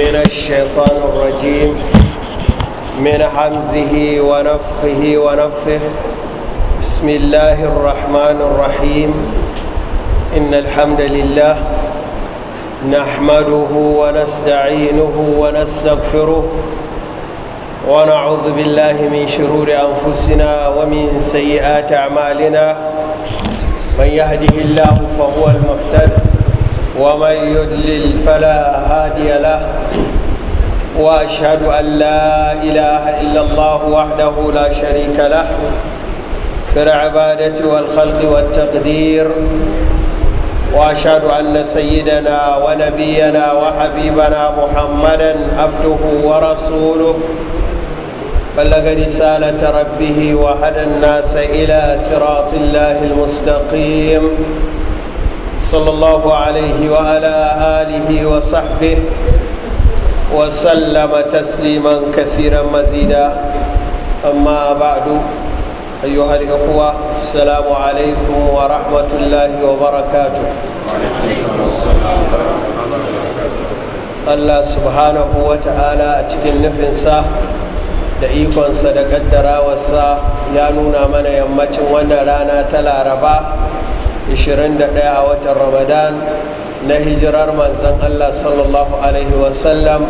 من الشيطان الرجيم من حمزه ونفخه ونفه بسم الله الرحمن الرحيم إن الحمد لله نحمده ونستعينه ونستغفره ونعوذ بالله من شرور أنفسنا ومن سيئات أعمالنا من يهده الله فهو المحتد ومن يدلل فلا هادي له واشهد ان لا اله الا الله وحده لا شريك له في العباده والخلق والتقدير واشهد ان سيدنا ونبينا وحبيبنا محمدا عبده ورسوله بلغ رساله ربه وهدى الناس الى صراط الله المستقيم صلى الله عليه وعلى آله وصحبه وسلم تسليما كثيرا مزيدا أما بعد أيها السلام عليكم ورحمة الله وبركاته Allah subhanahu wa ta'ala a cikin nufinsa da ikonsa da kaddarawarsa ya nuna mana yammacin wannan rana ta laraba 21 a watan ramadan na hijirar manzan allah sallallahu alaihi wasallam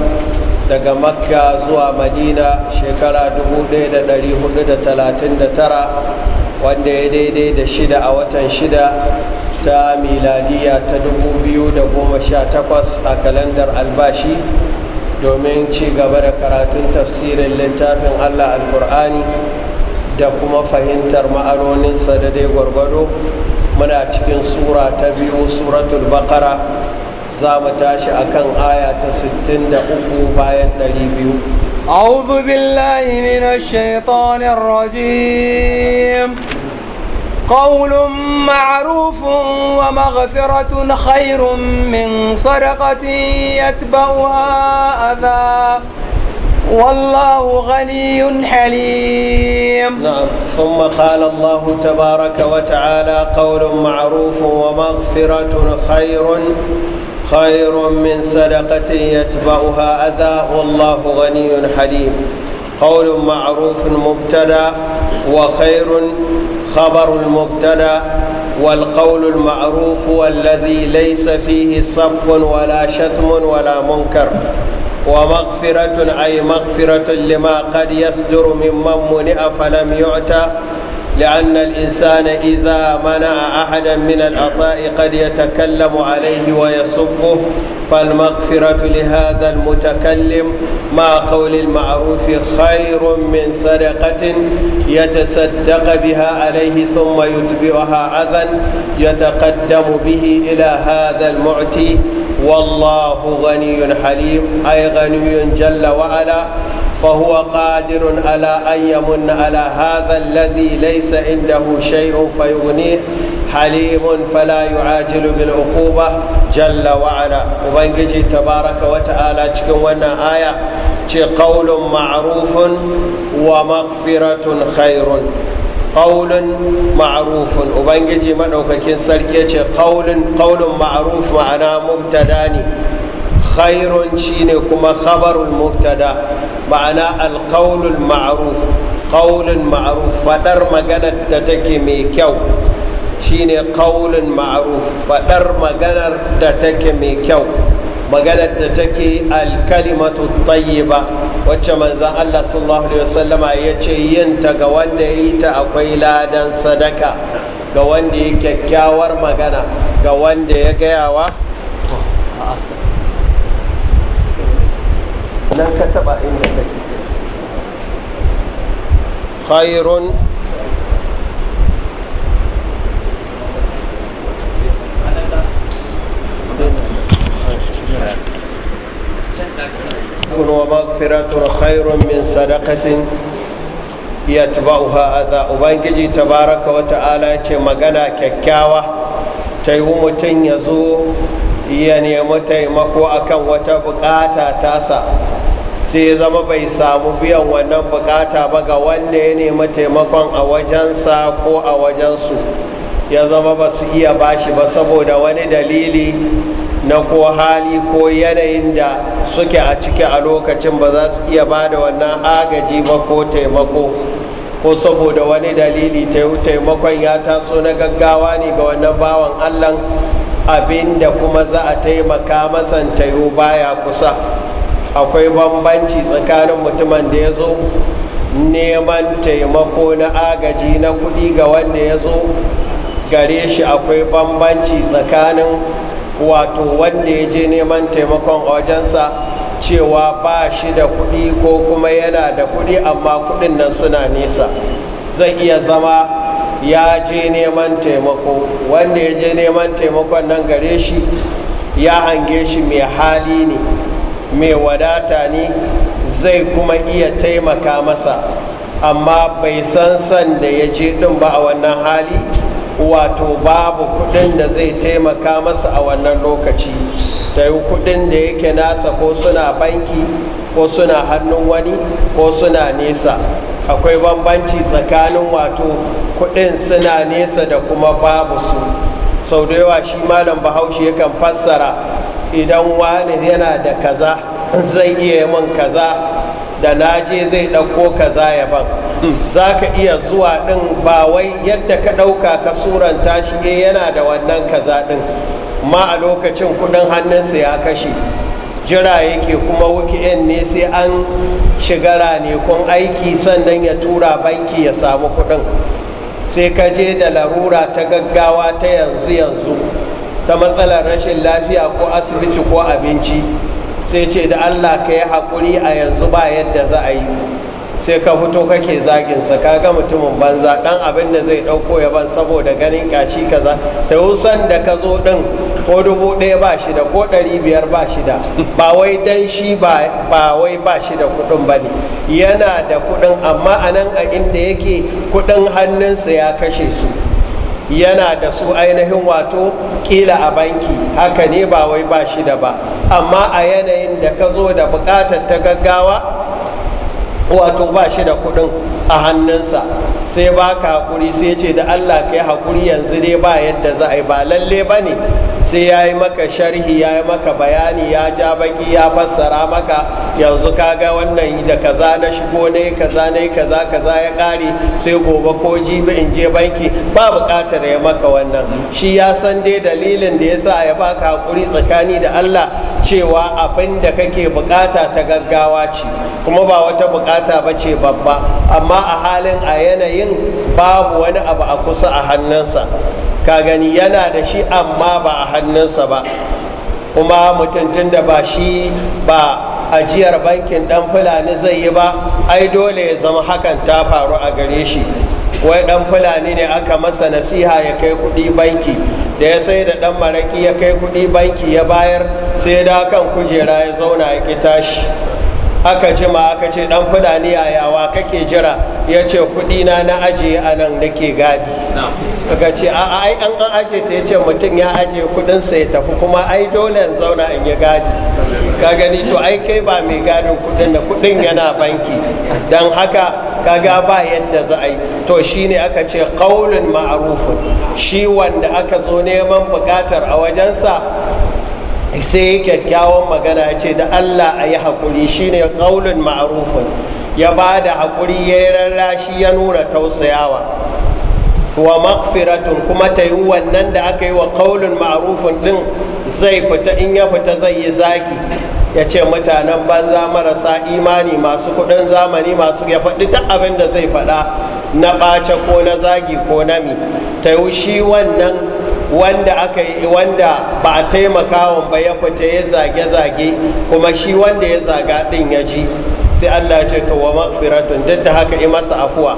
daga makka zuwa madina shekara 1439 wanda ya daidai da shida a watan shida ta miladiya ta 2018 a kalandar albashi domin ci gaba da karatun tafsirin littafin allah alkur'ani da kuma fahimtar ma'anoninsa da dai gwargwado muna cikin sura ta biyu suratul bakara za mu tashi akan aya ta 63 bayan 200 أعوذ بالله من الشيطان الرجيم قول معروف ومغفرة خير من صدقة يتبعها أذى والله غني حليم نعم ثم قال الله تبارك وتعالى قول معروف ومغفرة خير خير من صدقة يتبعها أذى والله غني حليم قول معروف مبتدا وخير خبر المبتدا والقول المعروف والذي ليس فيه سب ولا شتم ولا منكر ومغفرة أي مغفرة لما قد يصدر ممن أفلم فلم يعتى لأن الإنسان إذا منع أحدا من العطاء قد يتكلم عليه ويصبه فالمغفرة لهذا المتكلم مع قول المعروف خير من سرقة يتصدق بها عليه ثم يتبعها أذى يتقدم به إلى هذا المعتي والله غني حليم أي غني جل وعلا فهو قادر على أن يمن على هذا الذي ليس عنده شيء فيغنيه حليم فلا يعاجل بالعقوبة جل وعلا وبنجي تبارك وتعالى تكونا آية قول معروف ومغفرة خير qaulun ma'rufun ubangiji madaukakin sarki ce qaulun qaulun ma'ruf ma'ana mubtada ne khairun shine kuma khabarul mubtada ma'ana alqaulul ma'ruf qaulun ma'ruf fadar maganar da take mai kyau shine qaulun ma'ruf fadar maganar da take mai kyau maganar da take alkalimatu tayyiba wacce manzan Allah sallallahu alaihi wasallama ya ce yinta ga wanda ya yi ta akwai ladan sadaka ga wanda ya kyakkyawar magana ga wanda ya gayawa nan ka taba inda kake khairun ومغفرة خير من صدقة yatba'uha adha ubangiji tabaraka wa ta'ala yace magana kyakkyawa ta yi mutum ya zo ya nemi taimako akan wata bukata tasa sai ya zama bai samu biyan wannan bukata ba ga wanda ya nemi taimakon a wajensa ko a wajensu ya zama ba su iya bashi ba saboda wani dalili na ko hali ko yanayin da suke a ciki a lokacin ba za su iya ba da wannan agaji ba ko taimako ko saboda wani dalili taimakon ya taso na gaggawa ne ga wannan bawan allah abinda kuma za a taimaka masan tayo baya kusa akwai bambanci tsakanin mutumin da ya zo neman taimako na agaji na kudi ga wanda ya zo gare shi akwai bambanci tsakanin wato wanda ya je neman taimakon a wajensa cewa ba shi da kuɗi ko kuma yana da kuɗi amma kuɗin nan suna nesa zai iya zama ya je neman taimako wanda ya je neman taimakon nan gare shi ya hange shi mai hali ne mai wadata ne zai kuma iya taimaka masa amma bai san san da ya je ɗin ba a wannan hali wato babu kudin da zai taimaka masa a wannan lokaci ta yi kudin da yake nasa ko suna banki ko suna hannun wani ko suna nesa akwai bambanci tsakanin wato kudin suna nesa da kuma babu su sau da yawa shi malam bahaushe yakan fassara idan wani yana da kaza zai iya yi min kaza da na je zai ɗauko kaza ya ban hmm. za ka iya zuwa ɗin ba wai yadda ka ɗauka ka suranta shi e yana da wannan kaza ɗin ma a lokacin kuɗin hannunsa ya kashe jira yake kuma wikiyan ne sai an shigara ne kun aiki sannan ya tura banki ya samu kuɗin sai ka je da larura ta gaggawa ta yanzu yanzu ta matsalar rashin lafiya ko asibiti ko abinci sai ce da allah ka yi haƙuri a yanzu ba yadda za a yi sai ka fito kake zaginsa ka ga mutumin banza dan abin da zai ɗauko ya ban saboda ganin kashi kaza ta wusan da ka zo ɗin ko dubu ɗaya ba shi ko ɗari biyar ba shi da ba wai dan shi ba wai ba shi da kuɗin ba ne yana da kuɗin amma a nan a inda yake kuɗin hannunsa ya kashe su yana da su ainihin wato kila a banki haka ne ba wai ba shi da ba amma a yanayin da ka zo da bukatar ta gaggawa wato ba shi da kuɗin a hannunsa sai ba ka haƙuri sai ce da allah ka yi haƙuri yanzu dai ba yadda za a yi ba lalle ba ne sai ya yi maka sharhi ya yi maka bayani ya ja baki ya fassara maka yanzu ka ga wannan da kaza na shigo ne kaza ne kaza kaza ya kare sai gobe ko jibi in je banki ba bukatar ya maka wannan shi ya san dai dalilin da ya sa ya baka hakuri tsakani da Allah cewa abin da kake bukata ta gaggawa ce kuma ba wata bukata bukata ba ce babba amma a halin a yanayin babu wani abu a kusa a hannunsa ka gani yana da shi amma ba a hannunsa ba kuma mutuntun da ba shi ba ajiyar bankin dan fulani zai yi ba ai dole ya zama hakan ta faru a gare shi wai dan fulani ne aka masa nasiha ya kai kudi banki da ya sai da dan maraki ya kai kudi banki ya bayar sai da kan kujera ya zauna ya ki tashi aka jima aka ce dan fulani yayawa kake jira ya ce kudi na aje a nan nake gadi aka ce a ai an an aje ta ya ce mutum ya aje kudin ya tafi kuma ai dole in zauna in yi gadi ka gani to ai kai ba mai gadin kudin da kudin yana banki dan haka kaga ba yadda za a yi to shine aka ce qaulun ma'arufin shi wanda aka zo neman bukatar a wajensa sai kyakkyawan magana ya ce da allah a yi haƙuri shine ƙaunin ma'arufin ya ba da haƙuri ya yi rarrashi ya nuna tausayawa wa makfiratun kuma ta yi wannan da aka yi wa ƙaunin ma'arufin din zai fita in ya fita zai yi zaki ya ce mutanen banza marasa imani masu kuɗin zamani masu ya faɗi ta abin da zai faɗa na ɓace ko na zagi ko na mi ta yi shi wannan wanda aka yi wanda ba a taimakawa ba ya fita ya zage-zage kuma shi wanda ya zaga din ya ji sai Allah ya ce to wa maghfiratun duk da haka yi masa afuwa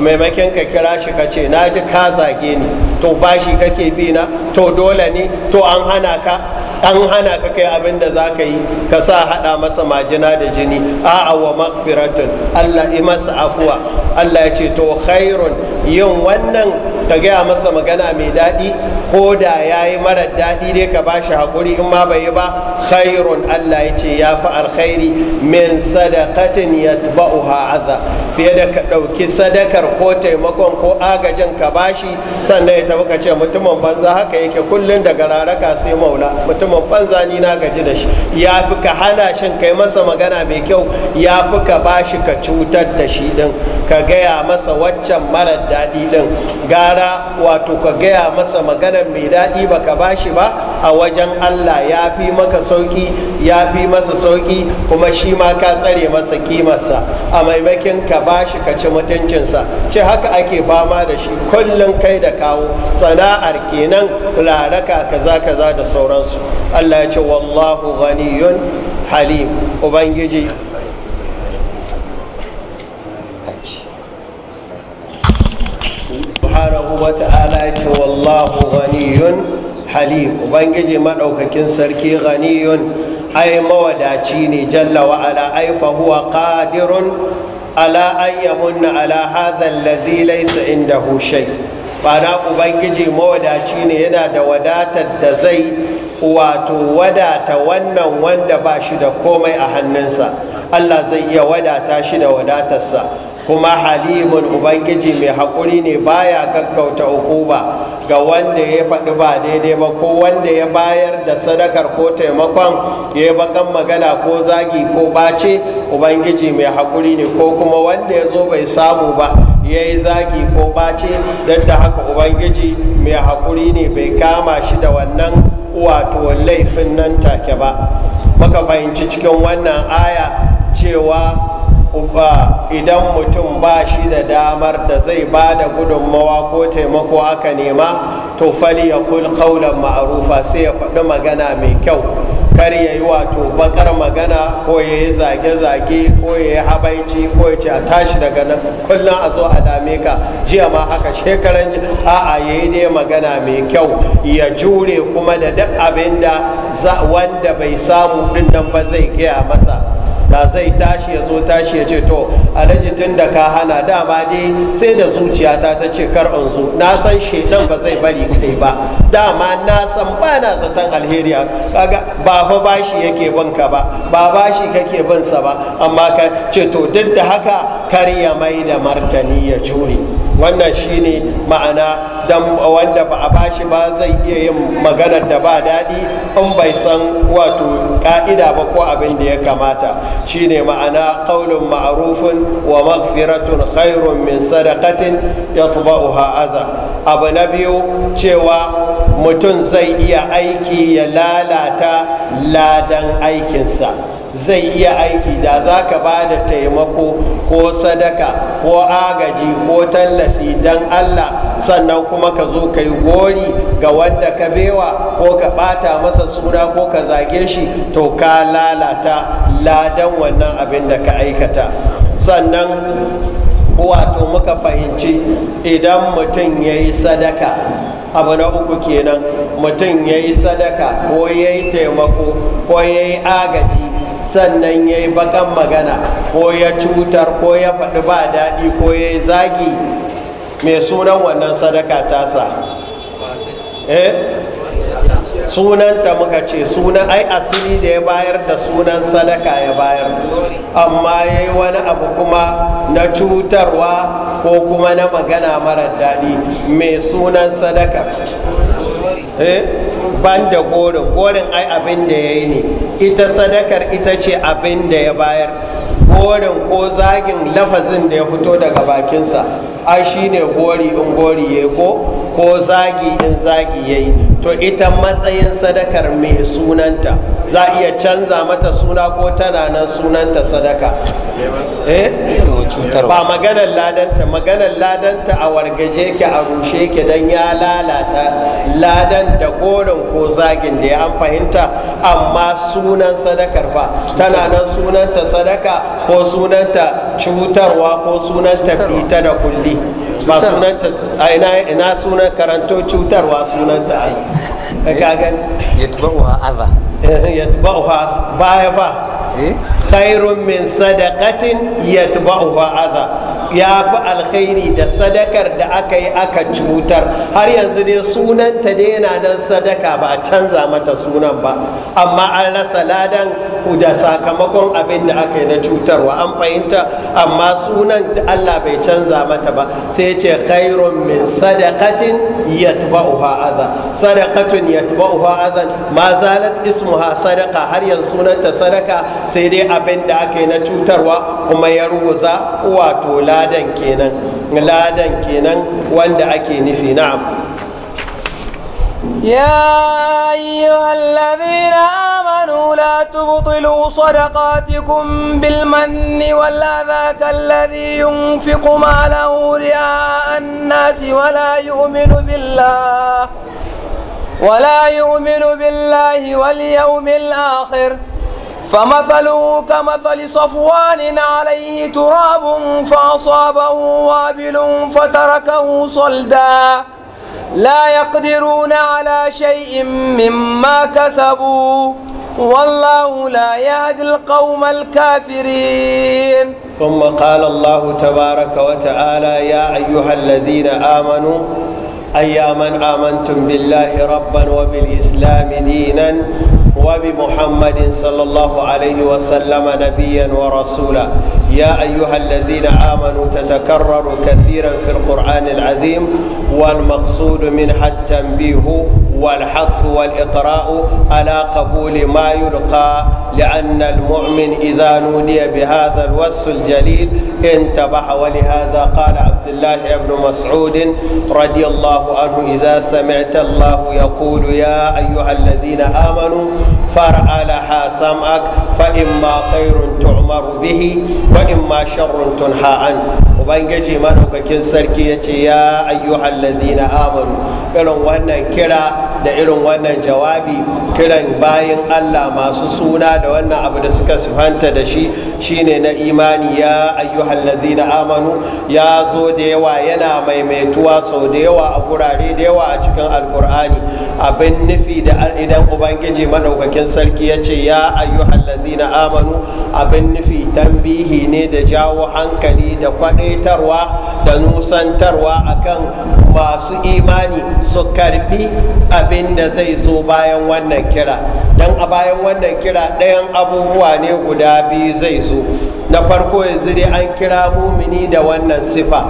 maimakon ka kira shi ka ce na ji ka zage ni to bashi kake bi na to dole ne to an hana ka an hana ka kai abin da za ka yi ka sa haɗa masa majina da jini a'a wa maghfiratun Allah yi masa afuwa Allah ya ce to khairun yin wannan ka gaya masa magana mai daɗi ko da ya yi marar daɗi dai ka ba shi haƙuri in ma bai yi ba khairun allah ya ce ya fi alkhairi min sadakatin ya aza fiye da ka ɗauki sadakar ko taimakon ko agajin ka ba shi sannan ya tafi ka ce mutumin banza haka yake kullum daga raraka sai maula mutumin banza ni na gaji da shi ya fi ka hana shin yi masa magana mai kyau ya fi ka ba shi ka cutar da shi ɗin ka gaya masa waccan mara daɗi ɗin gara ma'ana wato ka gaya masa maganar mai daɗi ba ka bashi ba a wajen Allah ya fi maka sauƙi ya fi masa sauƙi, kuma shi ma ka tsare masa kimarsa a maimakin ka bashi ka ci mutuncinsa ce haka ake fama da shi kullum kai da kawo sana'ar kenan laraka kaza kaza da sauransu Allah ya ce wallahu ghaniyun halim ubangiji Wataala ce wallahu ghaniyun halim ubangiji madaukakin sarki ghaniyun ai mawadaci ne jalla wa ala ai fa huwa qadirun ala an ala hadha allazi laysa indahu shay bana ubangiji mawadaci ne yana da wadatar da zai wato wadata wannan wanda ba shi da komai a hannunsa allah zai iya wadata shi da wadatarsa kuma halimun ubangiji mai haƙuri ne baya gaggauta ukuba ga wanda ya faɗi ba daidai ba ko wanda ya bayar da sadakar ko taimakon ya yi bakan magana ko zagi ko bace ubangiji mai haƙuri ne ko kuma wanda ya zo bai samu ba ya yi zagi ko bace don da haka ubangiji mai haƙuri ne bai kama shi da wannan wato laifin nan take ba muka fahimci cikin wannan aya cewa idan mutum ba shi da damar da zai ba da gudunmawa ko taimako aka nema to fali ya kul kaulan ma'arufa sai ya faɗi magana mai kyau kar ya yi wato bakar magana ko ya yi zage-zage ko ya yi habaici ko ya ce a tashi daga nan kullum a zo a dame ka jiya ma haka shekaran a'a ya yi dai magana mai kyau ya jure kuma da duk abin da wanda bai samu ɗin nan ba zai gaya masa ba zai tashi ya zo tashi ya ce to alhaji tun da ka hana dama dai sai da zuciyata ta ce kar in zo na san shedan ba zai bari kai ba dama na san ba na zaton alheri kaga ba fa bashi yake banka ba ba bashi kake sa ba amma ka ce to duk da haka kar ya mai da martani ya jure wannan shine ma'ana dan wanda ba a bashi ba zai iya yin maganar da ba daɗi in bai san wato ka'ida ba ko abin da ya kamata shine ma'ana qaulun ma'arufin wa maghfiratun khairun min sadaqatin yatba'uha aza abu na biyu cewa mutum zai iya aiki ya lalata ladan aikinsa zai iya aiki da za ka ba da taimako ko sadaka ko agaji ko tallafi don allah sannan kuma ka zo ka yi gori ga wanda ka bewa ko ka bata masa suna ko ka zage shi to ka lalata ladan wannan abin da ka aikata sannan wato muka fahimci idan mutum ya yi sadaka abu na uku kenan mutum ya yi sadaka ko ya yi taimako ko ya yi agaji sannan ya yi bakan magana ko ya cutar ko ya faɗi ba daɗi ko ya yi zagi mai sunan wannan sadaka tasa eh sunanta muka ce sunan ai asiri da ya bayar da sunan sadaka ya bayar amma ya yi wani abu kuma na cutarwa ko kuma na magana marar daɗi mai sunan sadaka eh? ban da gorin gorin ai abin da ya yi ne ita sadakar ita ce abin da ya bayar gorin ko zagin lafazin da ya fito daga bakinsa ai shi ne gori in gori ya ko ko zagi in zagi ya yi to ita matsayin sadakar mai sunanta za iya canza mata suna ko tana nan sunanta sadaka eh? ba maganar ladanta maganar ladanta a wargaje ke a rushe ke don ya lalata ladan da goron ko zagin da ya an fahimta amma sunan sadakar ba. tana nan sunanta sadaka ko sunanta cutarwa ko sunanta tafita da kulli ba sunan ta ina sunan karanto cutarwa sunanta sa ka eh, gagan yatba'uha adha eh, yatba'uha baya ba eh? khairun min sadaqatin yatba'uha adha ya fi alkhairi da sadakar da aka yi aka cutar har yanzu dai sunanta ne yana nan sadaka ba a canza mata sunan ba amma an rasa ladan da sakamakon abin da aka yi na cutarwa an fahimta amma sunan da allah bai canza mata ba sai ce khairun min sadakatin yatba'uha azan sadakatun yatba'uha adhan ma zalat ismuha sadaka har yanzu sunanta sadaka sai dai abin da aka yi na cutarwa kuma ya ruguza wato la ladan kenan ladan kenan wanda ake nufi na'am يا أيها الذين آمنوا لا تبطلوا صدقاتكم بالمن والأذى كالذي ينفق ماله رئاء الناس ولا يؤمن بالله ولا يؤمن بالله واليوم الآخر ۖ فمثله كمثل صفوان عليه تراب فأصابه وابل فتركه صلدا لا يقدرون على شيء مما كسبوا والله لا يهدي القوم الكافرين ثم قال الله تبارك وتعالى يا أيها الذين آمنوا أي من آمنتم بالله ربا وبالإسلام دينا وبمحمد صلى الله عليه وسلم نبيا ورسولا يا أيها الذين آمنوا تتكرر كثيرا في القرآن العظيم والمقصود من حتى تنبيه والحث والإقراء على قبول ما يلقى لأن المؤمن إذا نودي بهذا الوصف الجليل انتبه ولهذا قال عبد الله بن مسعود رضي الله عنه إذا سمعت الله يقول يا أيها الذين آمنوا فرع لها سمعك فإما خير تعمر به وإما شر تنهى عنه ubangiji maɗaukakin sarki ya ce ya ayyuhan na amanu irin wannan kira da irin wannan jawabi kiran bayan allah masu suna da wannan abu da suka sifanta da shi shine na imani ya ayyuhan amanu ya zo da yawa yana maimaituwa sau da yawa a gurare da yawa a cikin alkur'ani abin nufi da idan ubangiji maɗaukakin sarki ya ce ya ayyuhan na amanu abin nufi tambihi ne da jawo hankali da kwaɗe fitarwa da nusantarwa akan masu imani su karbi abin da zai zo bayan wannan kira don a bayan wannan kira ɗayan abubuwa ne guda biyu zai zo na farko yanzu dai an kira mumini da wannan sifa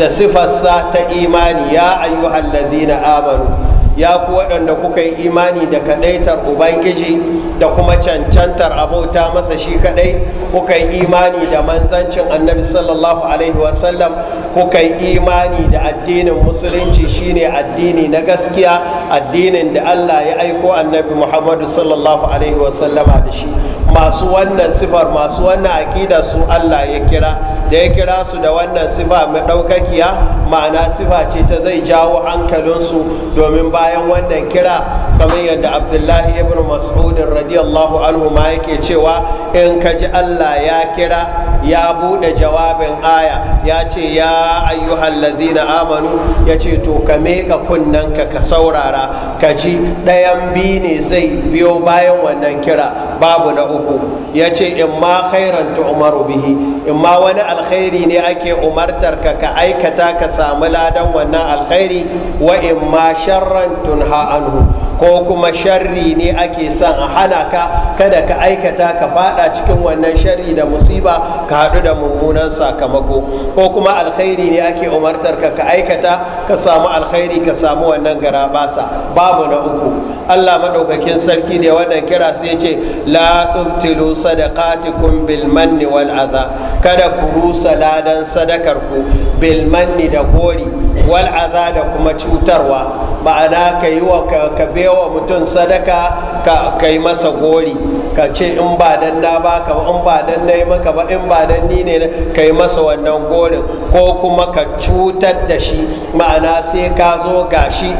da sifarsa ta imani ya ayyuhallazina amanu ya ku waɗanda kuka yi imani da kaɗaitar ubangiji da kuma cancantar abauta masa shi kaɗai kuka yi imani da manzancin annabi sallallahu alaihi wasallam kuka yi imani da addinin musulunci shine addini na gaskiya addinin da allah ya aiko annabi muhammadu sallallahu alaihi wasallama da shi masu wannan sifar masu wannan aƙida su allah ya kira da ya kira su da wannan sifa mai ɗaukakiya ma'ana sifa ce ta zai jawo hankalinsu domin bayan wannan kira kamar yadda abdullahi ibn mas'udin radiyallahu anhu ma yake cewa in ka ji allah ya kira ya bude jawabin aya ya ce ya ayyuhal ladzina amanu ya ce to ka meka kunnanka ka saurara ka ji ɗayan bi ne zai biyo bayan wannan kira babu na uku ya ce in ma khairan umaru bihi in ma wani alkhairi ne ake umartar ka ka aikata ka samu ladan wannan alkhairi wa in ma sharran tunha anhu ko kuma sharri ne ake son a hana ka kada ka aikata ka fada cikin wannan sharri da musiba ka haɗu da mummunan sakamako ko kuma alkhairi ne ake umartar ka ka aikata ka samu alkhairi ka samu wannan gara basa babu na uku Allah madaukakin sarki ne wannan kira sai ce la tubtilu sadaqatikum bil manni wal adha kada ku rusa ladan sadakar ku bil manni da gori Wal'aza da kuma cutarwa ma'ana ka yi wa ka bewa mutum sadaka ka yi masa gori ka ce in ba dan na ba ka in ba dan na maka ba in ba dan ni ne ka yi masa wannan gorin ko kuma ka cutar da shi ma'ana sai ka zo gashi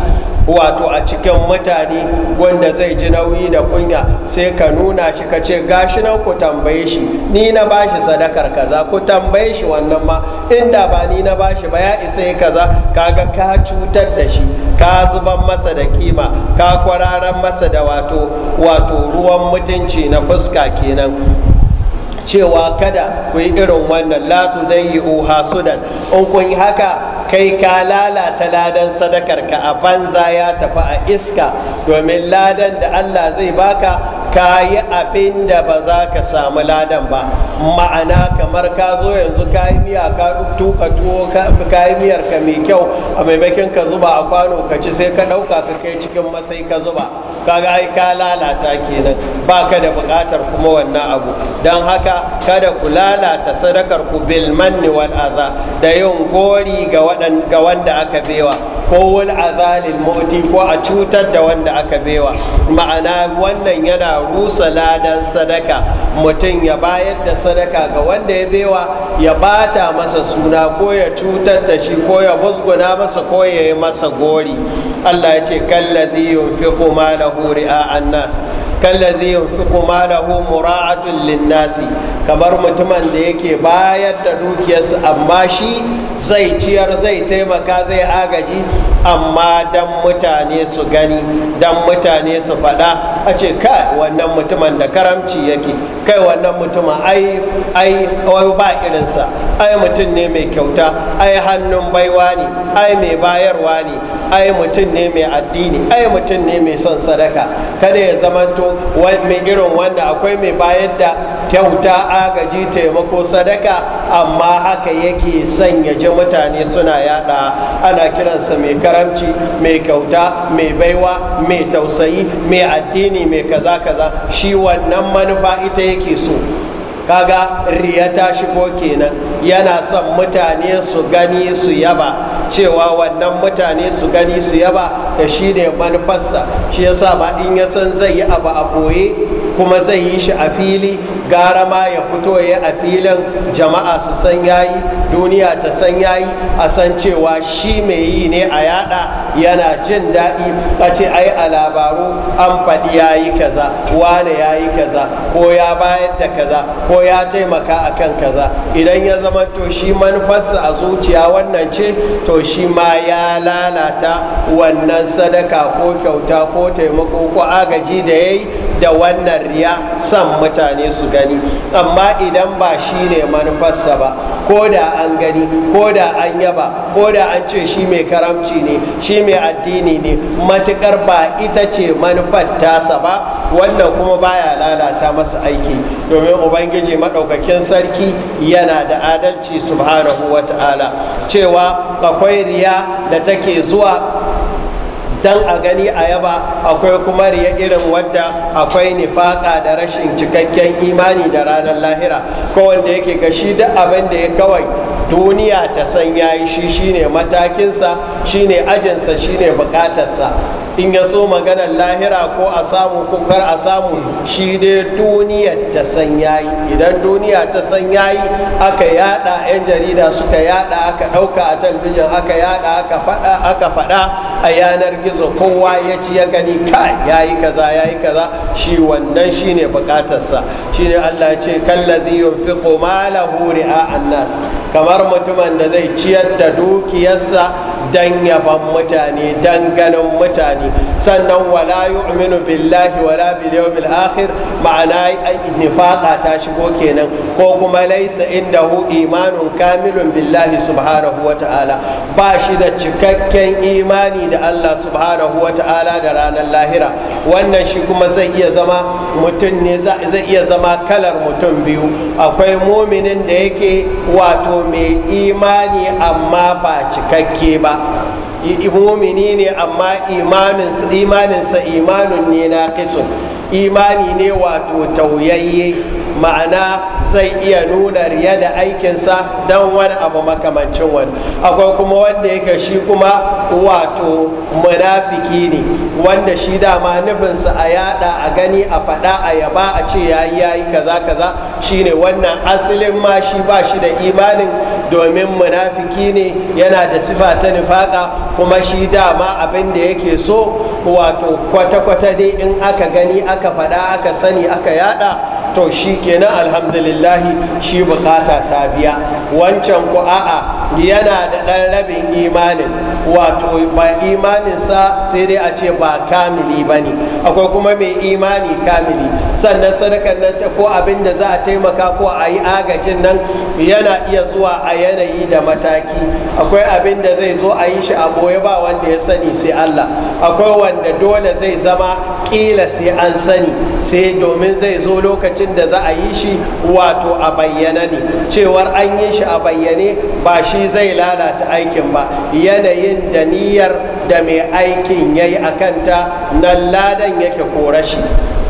wato a cikin mutane wanda zai ji nauyi da kunya sai ka nuna shi ka ce gashi nan ku tambaye shi ni na bashi sadakar kaza ku tambaye shi wannan ma inda ba ni na bashi ba ya isa yi kaza ga ka cutar da shi ka zuban masa da kima ka kwararan masa da wato wato ruwan mutunci na fuska kenan cewa kada ku yi irin wannan latu zai yi uha sudan in kun yi haka kai ka lalata ladan sadakarka a banza ya tafi a iska domin ladan da Allah zai baka ka yi abin da ba za ka samu ladan ba ma'ana kamar ka zo yanzu ka yi miya ka tuka tuwo ka yi miyar mai kyau a maimakon ka zuba a kwano ka ci sai ka ɗauka ka kai cikin masai ka zuba kaga ai ka lalata kenan ba ka da buƙatar kuma wannan abu don haka kada ku lalata sadakar ku bil manni wal aza da yin gori ga ga wanda aka bewa ko wal azalil mu'ti ko a cutar da wanda aka bewa ma'ana wannan yana rusa ladan sadaka mutum ya bayar da sadaka ga wanda ya bewa ya bata masa suna ko ya cutar da shi ko ya musguna masa ko ya yi masa gori Allah ya ce kallazi yunfiqu malahu رئاء الناس kallazi yunfiqu malahu mura'atun linnasi kamar mutumin da yake bayar da dukiyarsa amma shi zai ciyar zai taimaka zai agaji amma dan mutane su gani dan mutane su faɗa a ce kai wannan mutumin da karamci yake kai wannan mutumin ai ai ba irinsa ai mutum ne mai kyauta ai hannun baiwa ne ai mai bayarwa ne ai mutum ne mai addini ai mutum ne mai son sadaka kada ya zamanto mai irin wanda akwai mai bayar da kyauta agaji taimako sadaka amma haka yake sanya ji mutane suna yada ana kiransa mai karamci mai kyauta mai baiwa mai tausayi mai addini mai kaza kaza shi wannan manufa ita yake so kaga riya ta shigo kenan yana son mutane su gani su yaba cewa wannan mutane su gani su yaba da shi ne manufarsa shi ya sa ba in ya san zai yi abu a koye kuma zai yi shi a fili gara ma ya fito ya a filin jama'a su san yayi duniya ta san yayi a san cewa shi mai yi ne a yada yana jin daɗi a ce ai a labaru an faɗi yayi kaza wane yayi kaza ko ya bayar da kaza ko ya taimaka akan kaza idan ya zama to shi manufarsa a zuciya wannan ce to shi ma ya lalata wannan sadaka ko kyauta ko taimako ko agaji da ya yi da wannan riya san mutane su gani amma idan ba shi ne manufarsa ba ko da an gani ko da an yaba ko da an ce shi mai karamci ne shi mai addini ne matukar ba ita ce manufar tasa ba wannan kuma baya lalata masu aiki domin ubangiji maɗaukakin sarki yana da adalci subhanahu wata'ala cewa akwai riya da take zuwa dan a gani a yaba akwai kuma riya irin wadda akwai nifaka da rashin cikakken imani da ranar lahira ko wanda yake ga shi duk abin da ya kawai duniya ta san yayi shi shine matakinsa shine ajinsa shine bukatarsa in ya so maganar lahira ko a samu ko kar a samu shi dai duniya ta san yayi idan duniya ta san yayi aka yada yan jarida suka yada aka dauka a talbijin aka yada aka fada a yanar gizo kowa ya ci ya gani kai ya yi kaza ya yi kaza shi wannan shi ne bukatarsa shi ne allah ya ce kallazi yunfiqu malahu ri'a annas kamar mutumin da zai ciyar da dukiyarsa dan yaban mutane dan ganin mutane sannan wala yu'minu billahi wala bil yawmil akhir ma'ana nifaqa ta shigo kenan ko kuma laysa indahu imanun kamilun billahi subhanahu wa ba shi da cikakken imani da Allah subhanahu wa da ranar lahira wannan shi kuma zai iya zama mutum ne zai iya zama kalar mutum biyu akwai muminin da yake wato mai imani amma ba cikakke ba mumini ne amma imaninsa imanin ne na kisun imani ne wato tauyayye ma'ana zai iya nuna riya da aikinsa don wani abu makamancin wani akwai kuma wanda yake shi kuma wato munafiki ne wanda shi dama nufinsa a yada a gani a faɗa a yaba a ce yayi yayi kaza kaza shine wannan asalin ma shi ba shi da imanin domin munafiki ne yana da sifa ta nifaka kuma shi dama abin da yake so wato kwata-kwata dai in aka gani aka faɗa aka sani aka yada to shi kenan alhamdulillahi shi bukata ta biya wancan ku a'a yana da ɗan rabin imanin wato ba imaninsa sai dai a ce ba kamili ba ne akwai kuma mai imani kamili sannan sadakar nan ko abin da za a taimaka ko a yi agajin nan yana iya zuwa a yanayi da mataki akwai abin da zai zo a yi shi a goye ba wanda ya sani sai Allah akwai wanda dole zai zama kila sai an sani sai domin zai zo lokacin da za a yi shi wato a bayyana ne cewar an yi shi a bayyane ba shi zai lalata aikin ba yanayin da niyyar da mai aikin ya yi a kanta nan ladan yake korashi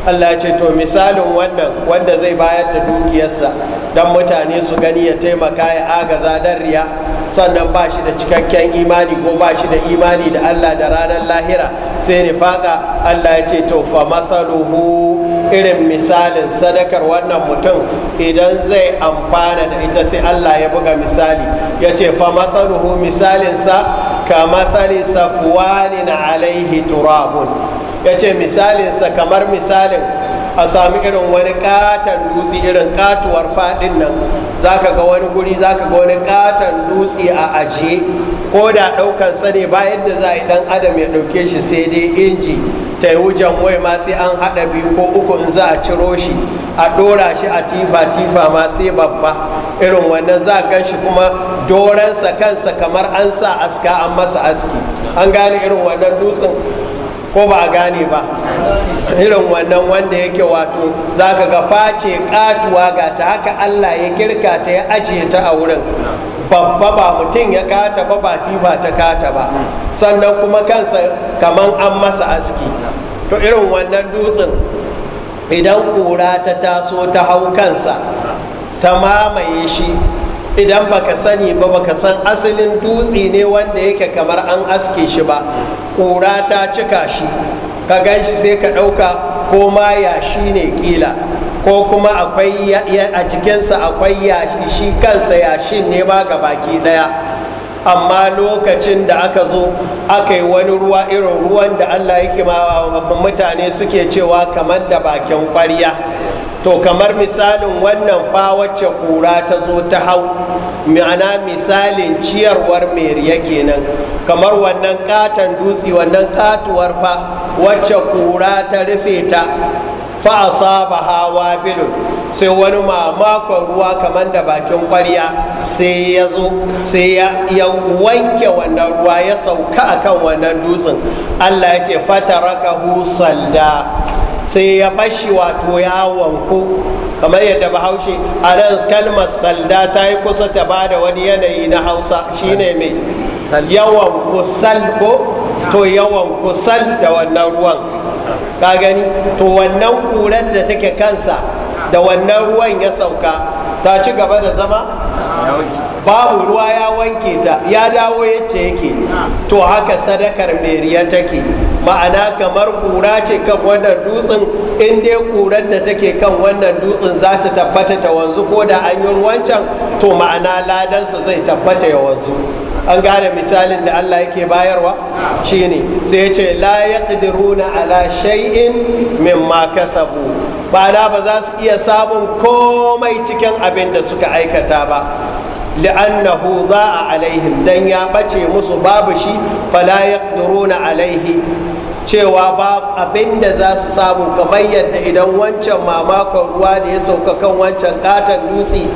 Allah ce to misalin wannan wanda zai bayar da dukiyarsa don mutane su gani ya taimaka ya agaza dan riya sannan ba shi da cikakken imani ko ba shi da imani da Allah da ranar lahira sai rifaka Allah ya ce to fa masaluhu irin misalin sadakar wannan mutum idan zai amfana da ita sai Allah ya buga misali ya ce fa masaluhu misalinsa ka masali safwanin alaihi turabun ya ce misalinsa kamar misalin a sami irin wani katon dutse irin katuwar fadin nan za ka ga wani guri za ka ga wani katon dutse a ajiye ko da ɗaukansa ne bayan da za a yi dan adam ya ɗauke shi sai dai inji ta yi wujen wai ma sai an haɗa biyu ko uku in za a ciro shi a ɗora shi a tifa tifa ma sai babba irin wannan za gan shi kuma doransa kansa kamar an sa aska an masa aski an gane irin wannan dutsen ko ba a gane ba irin wannan wanda yake wato za ka ga face katuwa ga ta haka allah ya girka ta ya ajiye ta a wurin babba ba mutum ya kata ba ba ba ta kata ba sannan kuma kansa kaman an masa aski to irin wannan dutsen idan kura ta taso ta hau kansa ta mamaye shi idan baka sani ba baka san asalin dutse ne wanda yake kamar an aske shi ba ƙura ta cika shi ka gan shi sai ka ɗauka ko ma yashi ne ƙila ko kuma akwai a cikinsa akwai yashi shi kansa yashin ne ba ga baki ɗaya amma lokacin da aka zo aka yi wani ruwa irin ruwan da allah yake mutane suke cewa kamar da bakin ƙwarya to kamar misalin wannan fa wacce kura ta zo ta hau ma'ana misalin ciyarwar mai meriya kenan kamar wannan katon dutse wannan katuwar fa wacce kura ta rufe ta fa asaba hawa bilun sai wani mamakon ruwa kamar da bakin kwarya sai ya zo sai ya wanke wannan ruwa ya sauka akan wannan dutsen allah ya ce raka hu salda sai ya bashi wato ya wanku kamar yadda bahaushe a nan kalmar salda ta yi kusa ta ba da wani yanayi na hausa shine mai yawan kusal ko to yawan kusal da wannan ruwan ka gani to wannan kurar da take kansa da wannan ruwan ya sauka ta ci gaba da zama babu ruwa ya wanke ta ya dawo yace yake to haka sadakar meriya take ma'ana kamar kura ce kan wannan dutsen in dai kurar da take kan wannan dutsen za ta tabbata ta wanzu ko da an yi wancan to ma'ana ladansa zai tabbata ya wanzu an gane misalin da Allah yake bayarwa shine sai ya ce la yaqdiruna ala shay'in mimma kasabu ba ba za su iya sabon komai cikin abin da suka aikata ba li'annahu a alaihim dan ya ɓace musu babu shi fala yaqdiruna alaihi cewa ba abinda za su samu kamar yadda idan wancan mamakon ruwa da ya sauka kan wancan katon dutse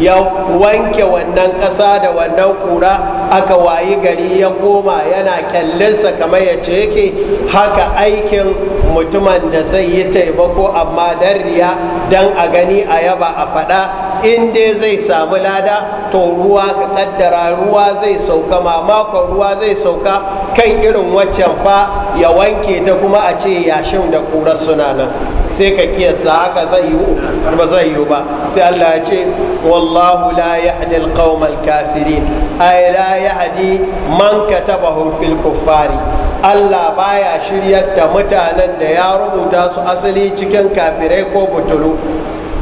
ya wanke wannan ƙasa da wannan ƙura aka wayi gari ya koma yana kyallinsa kamar yace yake haka aikin mutumin da zai yi taimako amma dan riya dan a gani a yaba a faɗa in dai zai samu lada to ruwa ka kaddara ruwa zai sauka mamakon ruwa zai sauka kan irin waccan fa ya wanke ta kuma a ce yashin da kura suna nan sai ka kiyasta haka zai yi ba zai yi ba sai Allah ya ce wallahu la yahdi alqawm alkafirin ay la yahdi man katabahu fil kuffari Allah baya shiryar da mutanen da ya rubuta su asali cikin kafirai ko butulu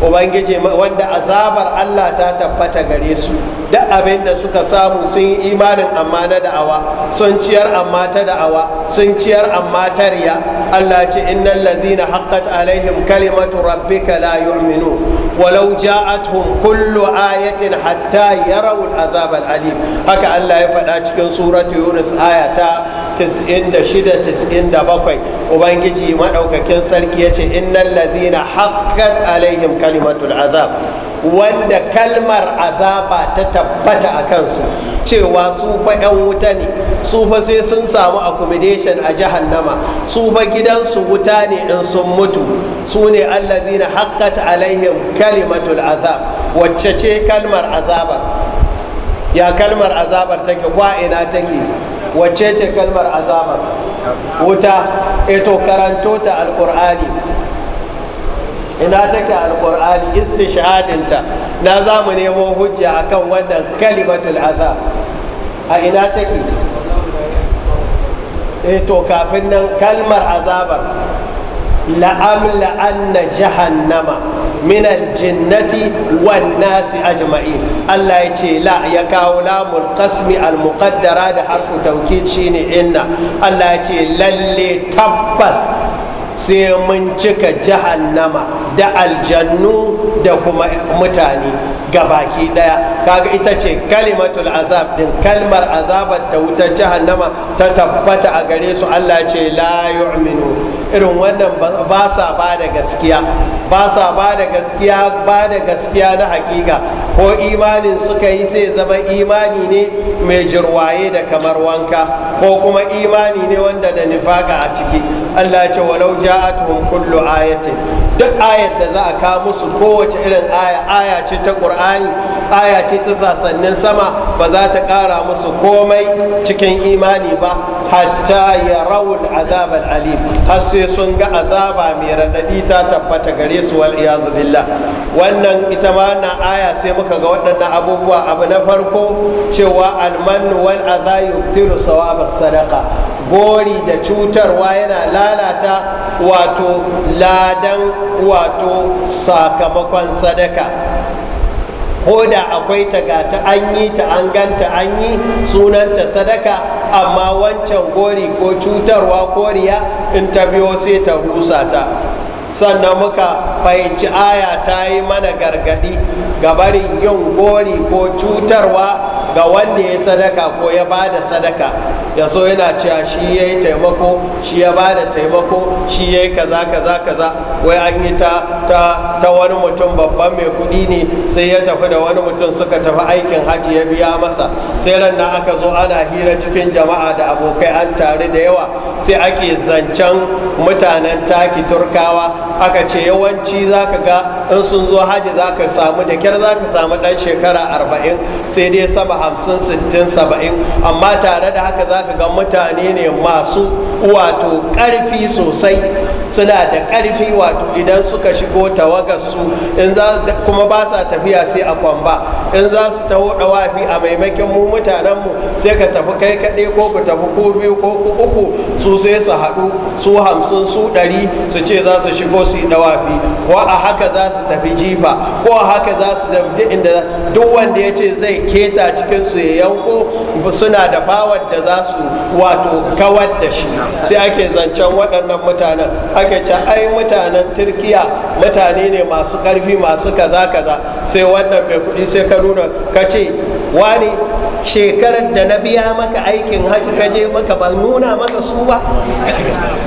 ubangiji wanda azabar allah ta tabbata gare su duk abin da suka samu sun yi imanin amma na da'awa sun ciyar amma ta da'awa sun ciyar amma ta riya allah ce innal ladhina haqqat alaihim kalimatu rabbika la yu'minun walau ja'atuhum kullu ayatin hatta yarau al'azab al'alim haka Allah ya faɗa cikin suratu Yunus aya ta 96 97 ubangiji maɗaukakin sarki yace innal ladhina haqqat alaihim kalimatul azab wanda kalmar azaba ta tabbata a kansu cewa sufa fa 'yan wuta ne sufa sai sun samu accommodation a jahannama Sufa fa gidansu wuta ne in sun mutu su ne allazina haqqat alaihim kalimatul azab wacce ce kalmar azabar ya kalmar azabar take kwa ina take wacce ce kalmar azabar wuta eto karanto ta alqur'ani ina take alqur'ani shahadinta na za mu nemo hujja akan wannan kalimatul azab a ina take E to kafin nan kalmar azabar la'amla anna jahannama min aljinnati wan nasi ajma'i. Allah ya ce la ya kawo lamun kasmi al muqaddara da harfu tawkid shine inna Allah ya ce lalle tabbas sai mun cika jahannama da aljannu da kuma mutane ga baki daya kaga ita ce kalimatul azab din kalmar azabar da wutar jahannama ta tabbata a gare su Allah ce la yu'minu irin wannan ba sa ba da gaskiya ba sa ba da gaskiya ba da gaskiya na hakika ko imanin suka yi sai zama imani ne mai jirwaye da kamar wanka ko kuma imani ne wanda da nifaka a ciki Allah ya ce walau ja'atuhum kullu ayatin duk ayar da za a kawo musu kowace irin aya aya ce ta Qur'ani aya ce ta sasannin sama ba za ta ƙara musu komai cikin imani ba hatta ya rawul azab alim har sai sun ga azaba mai raɗaɗi ta tabbata gare su wal iyazu billah wannan ita ma wannan aya sai muka ga waɗannan abubuwa abu na farko cewa almannu wal aza yubtilu sawaba sadaqa bori da cutarwa yana lalata wato ladan wato sakamakon sadaka ko da akwai ta ta an yi ta an ganta an yi sunanta sadaka amma wancan gori ko cutarwa koriya in ta biyo sai ta rusa ta sannan muka fahimci aya ta yi mana gargadi gabarin yin gori ko cutarwa ga wanda ya sadaka ko ya ba da sadaka ya so yana cewa shi ya yi taimako shi ya ba da taimako shi ya yi kaza kaza kaza wai an yi ta ta wani mutum babban mai kuɗi ne sai ya tafi da wani mutum suka tafi aikin hajji ya biya masa sai ran nan aka zo ana hira cikin jama'a da abokai an tare da yawa sai ake zancen mutanen taki turkawa aka ce yawanci zaka ga in sun zo haji za ka samu da kyar za ka samu ɗan shekara arba'in sai dai saba hamsin sittin saba'in amma tare da haka za ka ga mutane ne masu wato ƙarfi sosai suna da ƙarfi wato idan suka shigo tawagarsu in za kuma ba sa tafiya sai a kwamba in za su taho ɗawafi a maimakon mu mutanenmu sai ka tafi kai kaɗai ko ku tafi ko biyu ko ku uku su sai su haɗu su hamsin su ɗari su ce za su shigo su yi ɗawafi ko a haka za su tafi jifa ko a haka za su tafi inda duk wanda ya ce zai keta cikin su ya yanko suna da bawar da za su wato kawar da shi sai ake zancen waɗannan mutanen aka ce ai mutanen turkiya mutane ne masu karfi masu kaza kaza sai wannan mai kuɗi sai ka nuna ka ce wani shekarar da na biya maka aikin haji ka je maka ban nuna maka su ba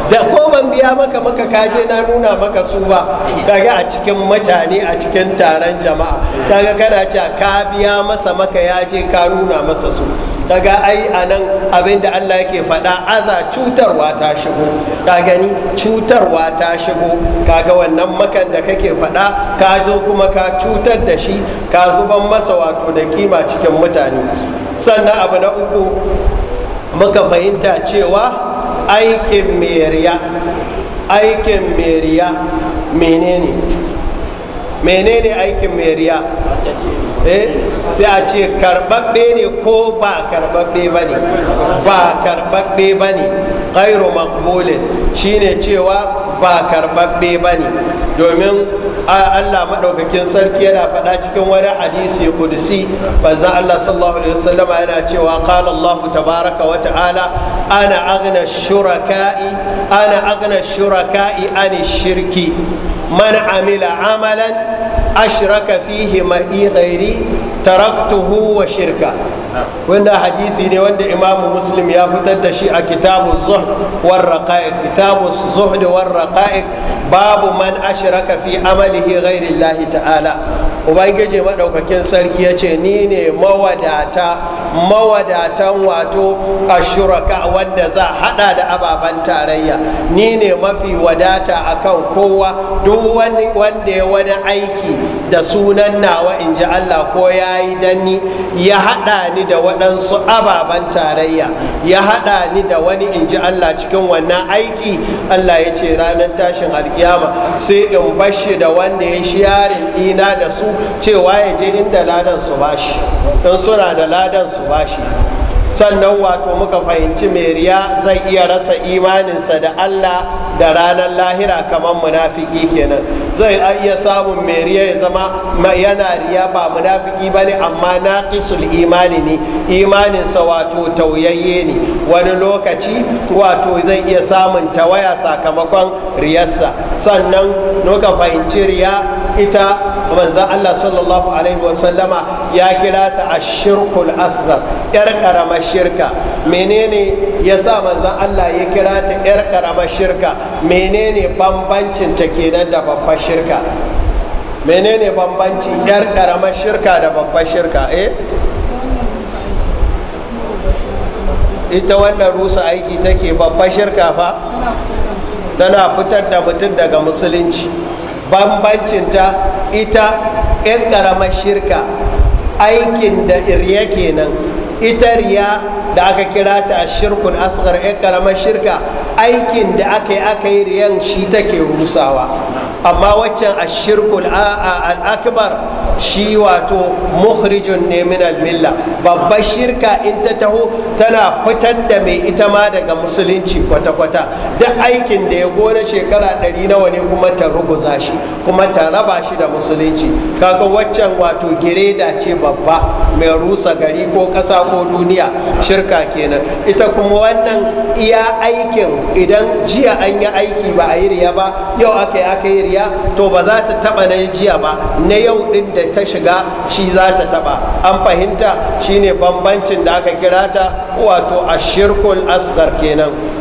da ko ban biya maka maka ka na nuna maka su ba kaga a cikin mutane a cikin taron jama'a kaga kana ce ka biya masa maka ya je ka nuna masa su kaga ai a nan abinda allah yake faɗa aza cutarwa ta shigo ka gani cutarwa ta shigo kaga wannan makan da kake faɗa ka zo kuma ka cutar da shi ka zuban masa wato da kima cikin mutane sannan abu na uku muka fahimta cewa aikin meriya aikin meriya menene menene aikin mai riya eh, sai a ce karbabbe ne ko ba karbabbe ba ne ba karbabbe ba ne ƙairo makbulin shine cewa ba karbabbe ba ne domin allah maɗaukakin sarki yana faɗa cikin wani hadisi kudusi banza allah sallallahu alaihi wasallama yana cewa qala allah tabaraka wa ta'ala ana agna shuraka'i ana agna shuraka'i an shirki man amila amalan ashraka fihi ma'i ghairi taraktuhu wa shirka wanda hadisi ne wanda imamu muslim ya fitar da shi a kitabu zuhd war raqa'iq kitabu zuhd war raqa'iq babu man ashraka fi amalihi ghairi Allah ta'ala ubangiji madaukakin sarki yace ni ne mawadata mawadatan wato ashuraka wanda za hada da ababen tarayya ni ne mafi wadata akan kowa duk wani wanda ya wani aiki da sunan nawa inji Allah ko yayi danni ya hada ni ni da waɗansu ababen tarayya ya haɗa ni da wani in ji Allah cikin wannan aiki Allah ya ce ranar tashin alkiyama sai in bashi da wanda ya shi yarin ina da su cewa ya je inda ladan su bashi don suna da ladan su bashi sannan wato muka fahimci mai zai iya rasa imaninsa da Allah da ranar lahira kamar munafiki kenan zai iya samun mai riya ya zama yana riya ba munafiki ba ne amma naqisul imani ne imaninsa wato tauyayye ne wani lokaci wato zai iya samun tawaya sakamakon riyarsa sannan muka fahimci riya ita manzan Allah sallallahu alaihi wasallama ya kira ta shirkul asgar yar karamar shirka menene sa manzon Allah ya kira ta yar karamar shirka menene bambancin ta kenan da babbar shirka menene bambancin yar ƙaramar shirka da babbar shirka eh ita wannan rusa aiki take babbar shirka fa tana fitar da mutum daga musulunci bambancinta ita 'yan ƙaramar shirka aikin da irya kenan ita riya da aka kira ta a shirkun askar ya shirka aikin da aka yi aka yi riyan shi take rusawa amma waccan a shirkun al'akbar shi wato mukhrijun ne min almilla babbar shirka in ta taho tana fitar da mai ita ma daga musulunci kwata-kwata duk aikin da ya gona shekara ɗari nawa ne kuma ta ruguza shi kuma ta raba shi da musulunci kaga waccan wato gireda ce babba mai rusa gari ko ƙasa ko duniya shirka kenan ita kuma wannan iya aikin idan jiya an yi aiki ba a yi riya ba yau aka yi aka yi riya to ba za ta taɓa na jiya ba na yau ɗin da da ta shiga shi za ta taba an fahimta shine bambancin da aka kira ta wato shirkul asgar kenan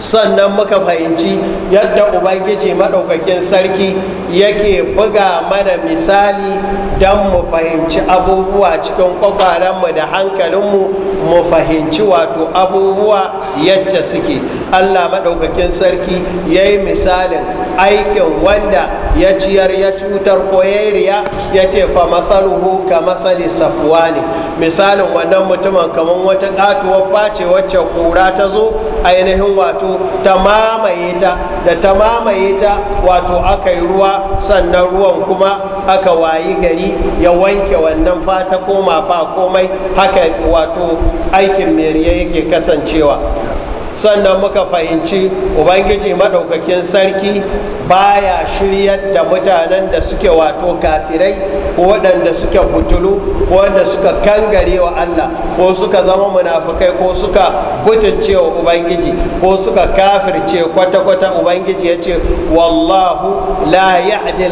sannan muka fahimci yadda ubangiji maɗaukakin sarki yake buga mana misali don mu fahimci abubuwa cikin mu da hankalinmu mu fahimci wato abubuwa yadda suke allah maɗaukakin sarki ya yi misalin aikin wanda ya ciyar ya cutar ko ya yi riya ya ce fa matsaluhu ka matsali safuwa ne misalin wannan mutumin kamar wata ƙatuwar bace wacce kura ta zo ainihin wato wato ta mamaye ta da ta mamaye ta wato aka yi ruwa sannan ruwan kuma aka wayi gari ya wanke wannan fata koma ba komai haka wato aikin meriya yake kasancewa sannan muka fahimci ubangiji maɗaukakin sarki baya shiryar da mutanen da suke wato kafirai ko waɗanda suke butulu ko wanda suka kangare wa Allah ko suka zama munafukai ko suka butulce wa ubangiji ko suka kafirce kwata-kwata ubangiji ya ce wallahu la yahdi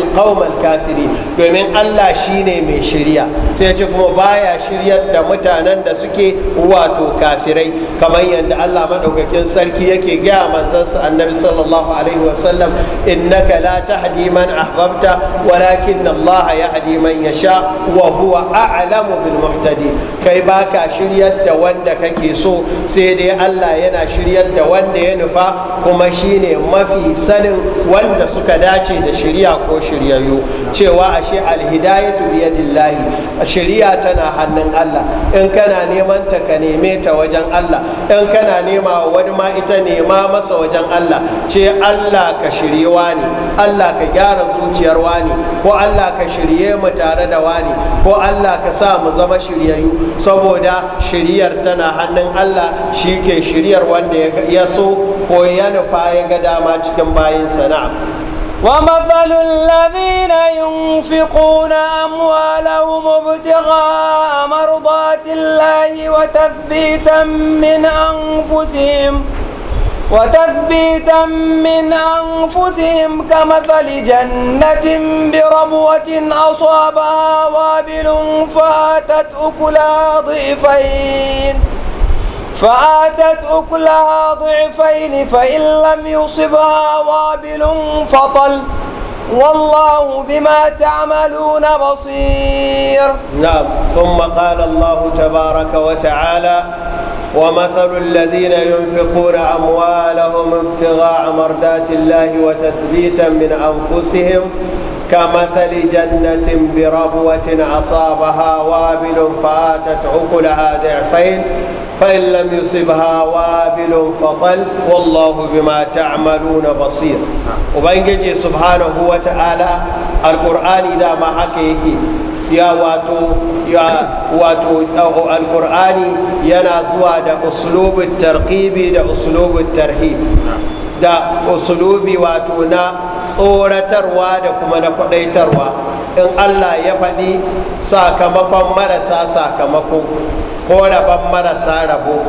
kafiri domin Allah shine mai shirya sai ya ce kuma baya shiryar da mutanen da suke wato kafirai kamar yadda Allah maɗaukakin madaukakin sarki yake gaya manzansa annabi sallallahu alaihi wasallam innaka la tahdi man ahbabta walakin Allah yahdi man yasha wa huwa a'lamu bil muhtadi kai baka shiryar da wanda kake so sai dai Allah yana shiryar da wanda ya nufa kuma shine mafi sanin wanda suka dace da shirya ko shiryayyu cewa ashe alhidayatu biyadillahi shiriya tana hannun Allah in kana neman ta ka neme ta wajen Allah in kana nema wa wani ma ita nema masa wajen Allah ce Allah ka shirye wani Allah ka gyara zuciyar wani ko Allah ka shirye mu tare da wani ko Allah ka sa mu zama shiryayyu saboda shiryar tana hannun Allah shi ke shiryar wanda ya so ko ya nufa ya ga dama cikin bayin sana'a ومثل الذين ينفقون أموالهم ابتغاء مرضات الله وتثبيتا من أنفسهم وتثبيتا من أنفسهم كمثل جنة بربوة أصابها وابل فآتت أكلها ضيفين فآتت أكلها ضعفين فإن لم يصبها وابل فطل والله بما تعملون بصير نعم ثم قال الله تبارك وتعالى ومثل الذين ينفقون أموالهم ابتغاء مردات الله وتثبيتا من أنفسهم كمثل جنة بربوة أصابها وابل فآتت أكلها ضعفين فإن لم يصبها وابل فطل والله بما تعملون بصير وبنجي سبحانه وتعالى القرآن إذا ما حكيكي ya wato ya wato alkur'ani yana zuwa da uslubin tarkibi da uslubin tarhib da uslubi wato na tsoratarwa da kuma na kwadaitarwa in allah ya faɗi sakamakon marasa sakamako ko rabon marasa rabo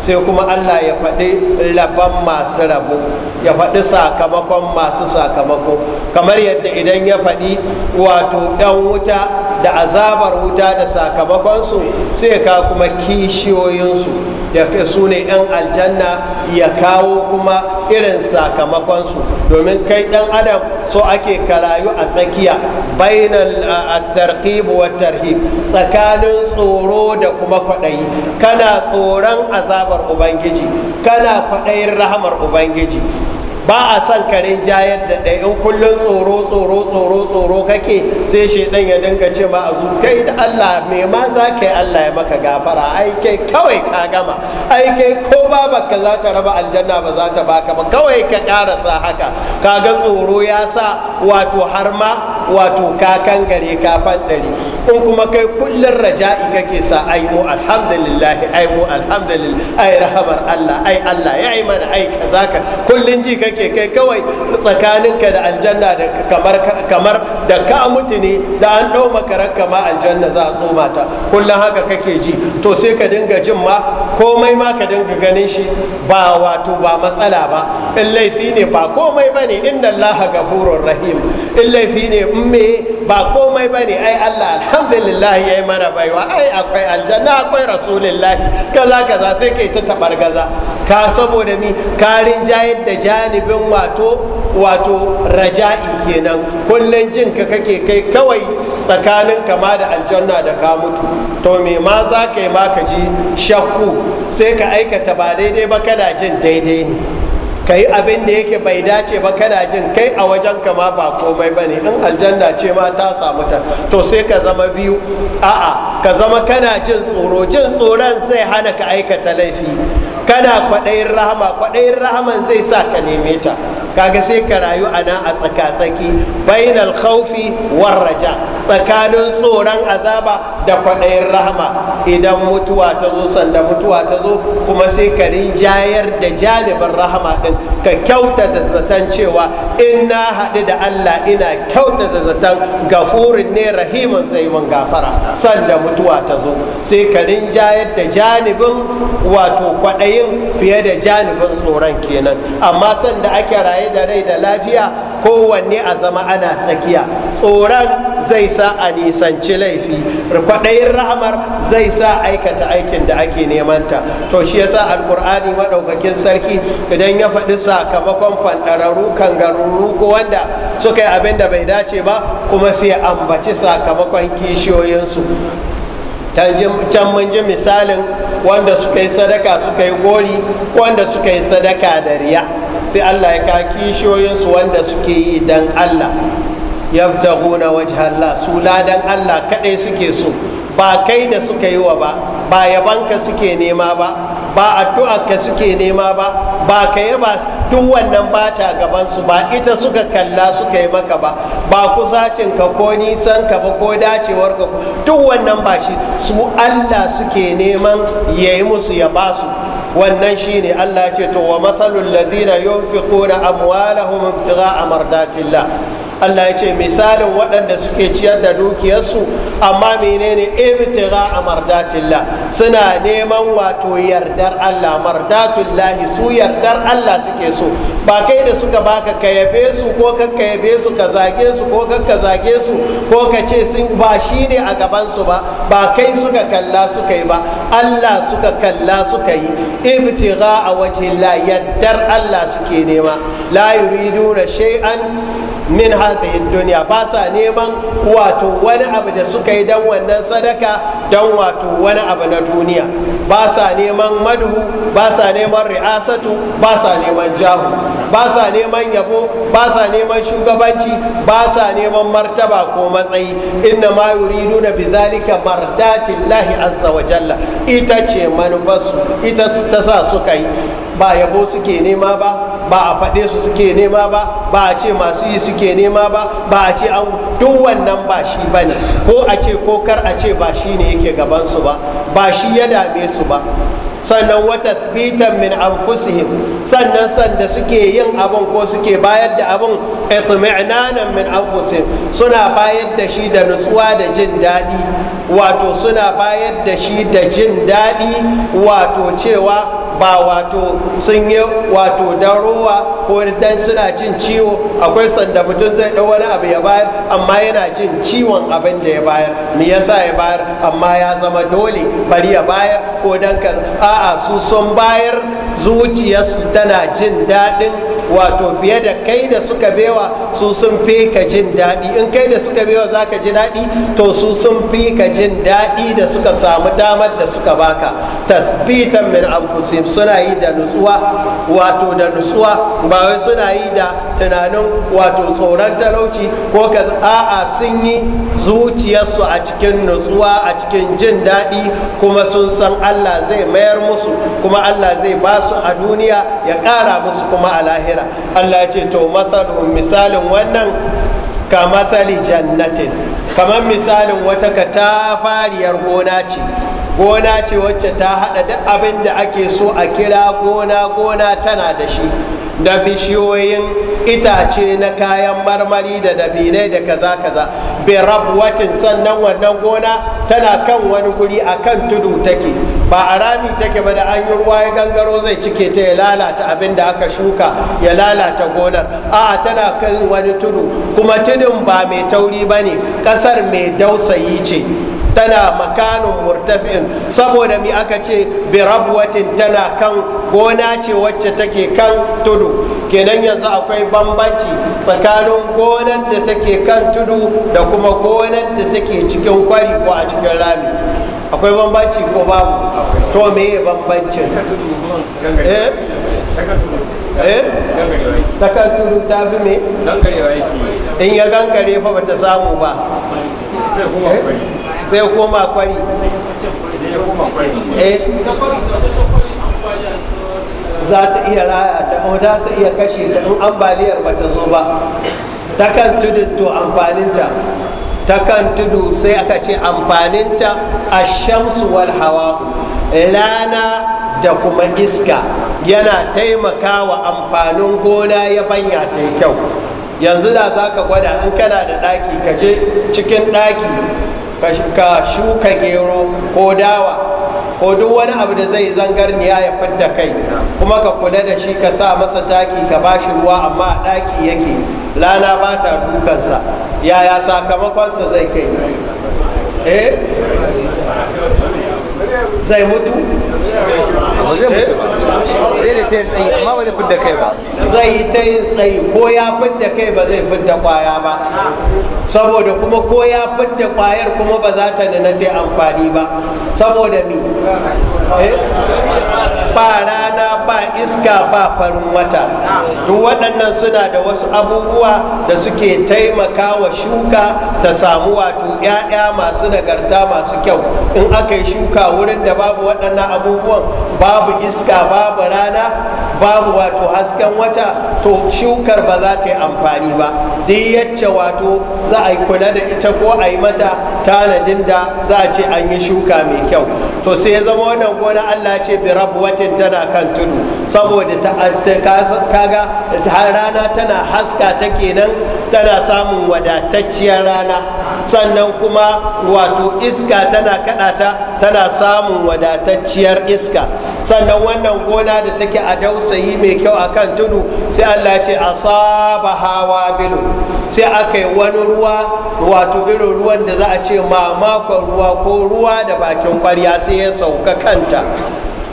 sai kuma allah ya faɗi rabon masu rabo ya faɗi sakamakon masu sakamako kamar yadda idan ya faɗi wato ɗan wuta da azabar wuta da sakamakonsu sai ka kuma kishiyoyinsu ya fi su ne 'yan aljanna ya kawo kuma irin sakamakonsu domin kai dan adam so ake karayu a tsakiya bainal tarqib wa tarhib tsakanin tsoro da kuma kwaɗayi kana tsoron azabar ubangiji kana kwaɗayin rahamar ubangiji ba a son kare jayar da ɗaya in kullum tsoro tsoro tsoro tsoro kake sai shaidan ya dinga ce ma a zu kai da Allah me ma za ka yi Allah ya maka gafara ai kai kawai ka gama ai kai ko baka za ta raba aljanna ba za ta baka ba kawai ka karasa haka kaga tsoro ya sa wato har ma wato kakan gare kafan ɗari in kuma kai kullum raja'i kake sa ai mu alhamdulillah ai mu alhamdulillah ai rahamar Allah ai Allah ya yi mana ai kaza ka kullum ji kake kai kawai tsakaninka da aljanna da kamar kamar da ka mutu ne da an dau makarar kama aljanna za a tsoma ta kullum haka kake ji to sai ka dinga jin ma komai ma ka dinga ganin shi ba wato ba matsala ba in laifi ne ba komai ba ne inda Allah gafurur rahim in laifi ne me ba komai bane ai Allah alhamdulillah yayi mana baiwa ai akwai aljanna akwai rasulullahi kaza kaza sai kai ta tabargaza ka saboda mi karin jayar da janibin wato wato raja'i kenan kullun jin ka kake kai kawai tsakanin kama da aljanna da ka mutu to me ma za ka yi ma ka ji shakku sai ka aikata ba daidai ba kana jin daidai ne ka yi abin da yake bai dace ba kana jin kai a wajen kama ba komai ba ne in aljanna ce ma ta samu ta to sai ka zama biyu a'a ka zama kana jin tsoro jin tsoron zai hana ka aikata laifi kana kwaɗayin rahama kwaɗayin rahaman zai sa ka neme ta kaga sai ka rayu a nan a tsaka-tsaki bainal khawfi warraja tsakanin tsoron azaba da kwaɗayin rahama idan mutuwa ta zo sanda mutuwa ta zo kuma sai ka rinjayar da janibin rahama ɗin ka kyautata zaton cewa in na haɗu da Allah ina kyautata zaton gafurin ne rahiman zai mun gafara sanda mutuwa ta zo sai ka rinjayar da janibin wato kwaɗayin fiye da janibin tsoron kenan amma sanda ake raye raye da rai da lafiya kowanne a zama ana tsakiya tsoron zai sa a nisanci laifi kwaɗayin rahamar zai sa aikata aikin da ake neman ta to shi yasa alkur'ani maɗaukakin sarki idan ya faɗi sakamakon fanɗararru garuru ko wanda suka yi abin da bai dace ba kuma sai ambaci sakamakon kishiyoyinsu can mun ji misalin wanda suka yi sadaka suka yi gori wanda suka yi sadaka da riya sai Allah ya ka su wanda suke yi dan Allah yabtaguna wajha Allah su ladan Allah kadai suke so ba kai da suka yi wa ba ba yabanka suke nema ba ba addu'a ka suke nema ba ba ka ba duk wannan bata gaban su ba ita suka kalla suka yi maka ba ba kusacin ka ko nisan ka ba ko dacewar ka duk wannan ba shi su Allah suke neman yayi musu ya ba su wannan shine Allah ya ce to wa mathalul ladina yunfiquna amwalahum ibtigha'a mardatillah Allah ya ce misalin waɗanda suke ciyar da dukiyarsu amma menene ibtira a mardatillah suna neman wato yardar Allah mardatullahi su yardar Allah suke so ba kai da suka baka ka yabe su ko ka ka yabe su ka zage su ko ka ka zage su ko ka ce sun ba shine a gaban su ba ba kai suka kalla suka yi ba Allah suka kalla suka yi ibtira a wajen la yardar Allah suke nema la yuriduna shay'an min hazihi duniya ba sa neman wato wani abu da suka yi don wannan sadaka don wato wani abu na duniya ba sa neman maduhu ba sa neman ri'asatu ba sa neman jahu ba sa neman yabo ba sa neman shugabanci ba sa neman martaba ko matsayi inna ma na bizalika mardatillahi azza wa jalla ita ce manufarsu ita ta sa suka yi ba yabo suke nema ba ba a faɗe su suke nema ba ba a ce masu yi suke nema ba ba a ce an duk wannan ba shi ba ne ko a ce ko kar a ce ba shi ne yake gabansu ba ba shi ya dame su ba sannan wata bitan min anfusihim sannan sanda suke yin abin ko suke bayar da abin itmi'nanan min anfusihim suna bayar da shi da nutsuwa da jin daɗi wato suna bayar da shi da jin daɗi wato cewa ba wato sun yi wato dan ko dan suna jin ciwo akwai sanda mutum zai ɗau wani abu ya bayar amma yana jin ciwon abin da ya bayar me yasa ya bayar amma ya zama dole bari ya bayar ko dan ka a a'a su son bayar zuciyarsu tana jin daɗin wato fiye da kai da suka bewa su sun fi ka jin daɗi in kai da suka bewa za ka ji daɗi to su sun fi ka jin daɗi da suka samu damar da suka baka tasbitan min anfusim suna yi da nutsuwa wato da nutsuwa ba wai suna yi da tunanin wato tsoron talauci ko ka a'a sun yi zuciyarsu a cikin nutsuwa a cikin jin daɗi kuma sun san Allah zai mayar musu kuma Allah zai ba su a duniya ya ƙara musu kuma a lahira akhira Allah ya ce to masalun misalin wannan ka masali jannatin kamar misalin wata katafariyar gona ce gona ce wacce ta haɗa duk abin da ake so a kira gona gona tana da shi da bishiyoyin itace na kayan marmari da dabinai da kaza kaza watin sannan wannan gona tana kan wani guri a kan tudu take ba a rami take ba da an yi ruwa ya gangaro zai cike ta ya lalata abin da aka shuka ya lalata gonar a tana kan wani tudu kuma tudun ba mai tauri bane. ne ƙasar mai dausayi ce tana makanun murtafin saboda mi aka ce bi rabwatin tana kan gona ce wacce take kan tudu kenan yanzu akwai bambanci tsakanin gonar da take kan tudu da kuma gonar da take cikin kwari ko a cikin rami akwai bambanci ko babu to me ye bambancin eh? Eh? ta kan tudu ta fi me in ya gangare fa bata samu ba sai ya koma kwari eh, za ta iya raya ta za ta iya kashe ta in ambaliyar ba ta zo ba ta kan tudu to amfaninta ta kan tudu sai aka ce amfaninta a shamsu wal hawa rana da kuma iska yana taimakawa amfanin gona ya banya ta yi kyau yanzu da za ka gwada in kana da ɗaki ka je cikin ɗaki ka shuka gero ko dawa ko duk wani abu da zai zangar ni ya fidda kai kuma ka kula da shi ka sa masa taki ka ba shi ruwa amma a daki yake lana ba ta dukansa yaya sakamakonsa zai kai eh zai mutu ba zai mutu ba zai da ta yin tsayi amma ba zai fidda kai ba zai ta yin tsayi ko ya fidda kai ba zai fidda kwaya ba saboda kuma ko ya fidda kwayar kuma ba za ta nuna ta amfani ba saboda mi eh? ba rana ba iska ba farin wata duk waɗannan suna da wasu abubuwa da suke taimaka wa shuka ta samu wato 'ya'ya masu nagarta masu kyau in aka yi shuka wurin da babu waɗannan abubuwan babu iska babu rana babu wato hasken wata to shukar ba za ta yi amfani ba duk yacce wato za a yi kula da ita ko a yi mata tanadin da za a ce an yi shuka mai kyau to sai ya zama wannan gona Allah ce bi wata. lokacin tana kan tudu saboda kaga rana tana haska ta kenan tana samun wadatacciyar rana sannan kuma wato iska tana kadata tana samun wadatacciyar iska sannan wannan gona da take a dausayi mai kyau a kan tudu sai allah ce a saba hawa bilu sai aka wani ruwa wato irin ruwan da za a ce mamakon ruwa ko ruwa da bakin kwarya sai ya sauka kanta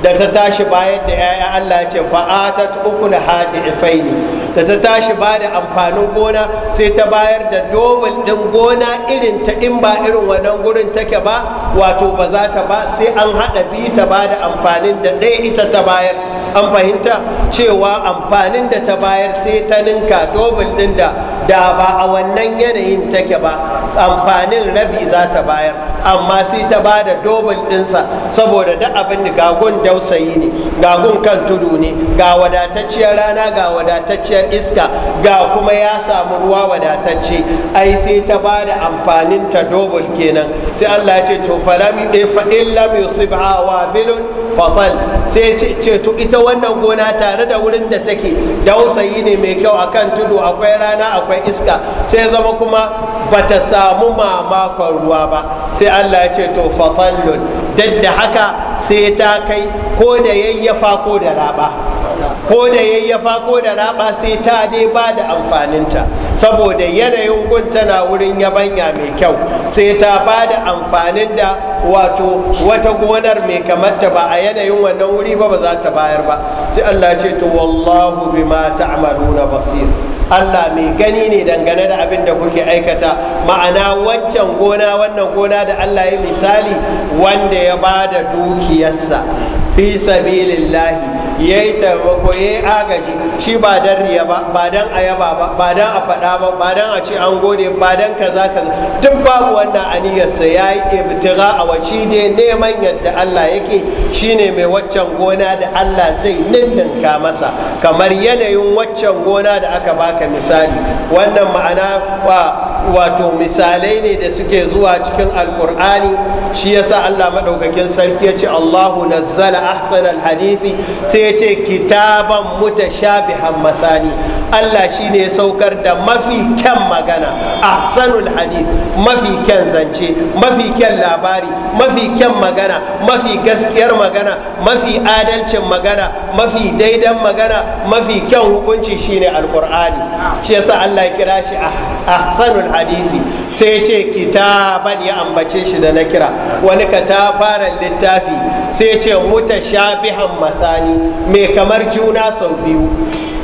da ta tashi bayan da 'ya'ya Allah ya ce fa'atat hadi ifaini da ta tashi ba da amfanin gona sai ta bayar da dobil ɗin gona irin ta in ba irin wannan gurin take ba wato ba za ta ba sai an haɗa bita ta ba da amfanin da ɗaya ita ta bayar an fahimta cewa amfanin da ta bayar sai ta ninka dobil ɗin da da ba a wannan yanayin take ba amfanin rabi za ta bayar amma sai ta ba da dobin ɗinsa saboda da abin da gagun dausayi ne gagun kan tudu ne ga wadatacciyar rana ga wadatacciyar iska ga kuma ya samu ruwa wadatacce ai sai ta ba da amfanin ta dobin kenan sai Allah ya ce to falam eh, fa'in lam yusibha wabilun fatal sai ce to ita wannan gona tare da wurin da take dausayi ne mai kyau akan tudu akwai rana akwai akwai iska sai zama kuma bata samu mamakon ruwa ba sai Allah ya ce to fatallun duk da haka sai ta kai ko da yayyafa ko da raba ko da yayyafa ko da raba sai ta dai ba da amfaninta saboda yanayin gun tana wurin yabanya mai kyau sai ta ba da amfanin da wato wata gonar mai ta ba a yanayin wannan wuri ba ba za ta bayar ba sai Allah ce to wallahu bima ta'maluna basir Allah mai gani ne dangane da abin da kuke aikata ma'ana waccan gona wannan gona da Allah ya misali wanda ya ba da dukiyarsa fi sabilillahi ya yi taimako ya yi agaji shi ba don riya ba ba don ayaba ba ba don a faɗa ba ba don a ci an gode ba don kaza kaza duk babu wannan aniyarsa ya yi ibtira a waci ne neman yadda Allah yake shine mai waccan gona da Allah zai ninninka masa kamar yanayin waccan gona da aka baka misali wannan ma'ana ba wato misalai ne da suke zuwa cikin alkur'ani shi yasa Allah maɗaukakin sarki ya ce Allahu nazzala ahsan alhadisi sai ya ce kitaban mutashabihan masani Allah shi ne saukar da mafi kyan magana ahsanul hadisi, mafi kyan zance mafi kyan labari mafi kyan magana mafi gaskiyar magana mafi adalcin magana mafi daidan magana mafi kyan hukunci shine alkur'ani shi yasa Allah ya kira shi ah, ahsanul hadisi sai ce kitaban ya ambace shi da na kira wani katafaren littafi sai ya ce mutashabihan masani mai kamar juna sau biyu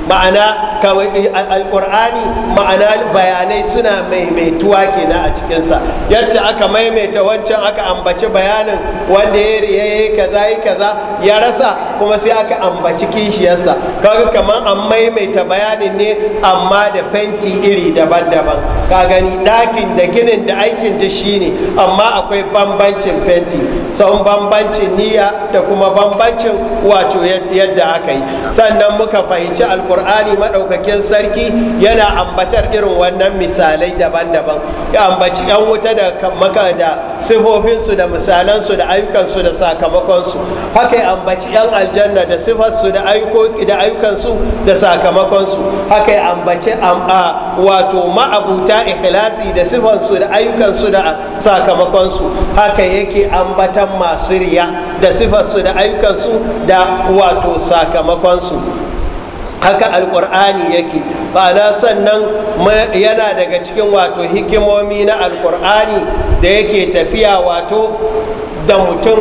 ma'ana eh, alƙur'ani ma'ana bayanai suna maimaituwa kenan a cikinsa yadda aka maimaita wancan aka ambaci bayanin wanda ya riya ya kaza ya kaza ya rasa kuma sai aka ambaci kishiyarsa kawai kamar an maimaita bayanin ne amma da fenti iri daban-daban ka gani ɗakin da ginin da aikin da shi ne amma akwai bambancin fenti sau bambancin niyya da kuma bambancin wato yadda aka yi sannan muka fahimci alƙur'ani alkur'ani maɗaukakin sarki yana ambatar irin wannan misalai daban-daban ya ambaci 'yan wuta da maka da sifofinsu da misalansu da ayyukansu da sakamakonsu haka ya ambaci 'yan aljanna da sifarsu da ayyukansu da sakamakonsu haka ya ambaci wato ma'abuta ikhlasi da sifarsu da ayyukansu da sakamakonsu haka yake ambatan masu riya da sifarsu da ayyukansu da wato sakamakonsu haka alkur'ani yake na sannan yana daga cikin wato hikimomi na alkur'ani da yake tafiya wato da mutum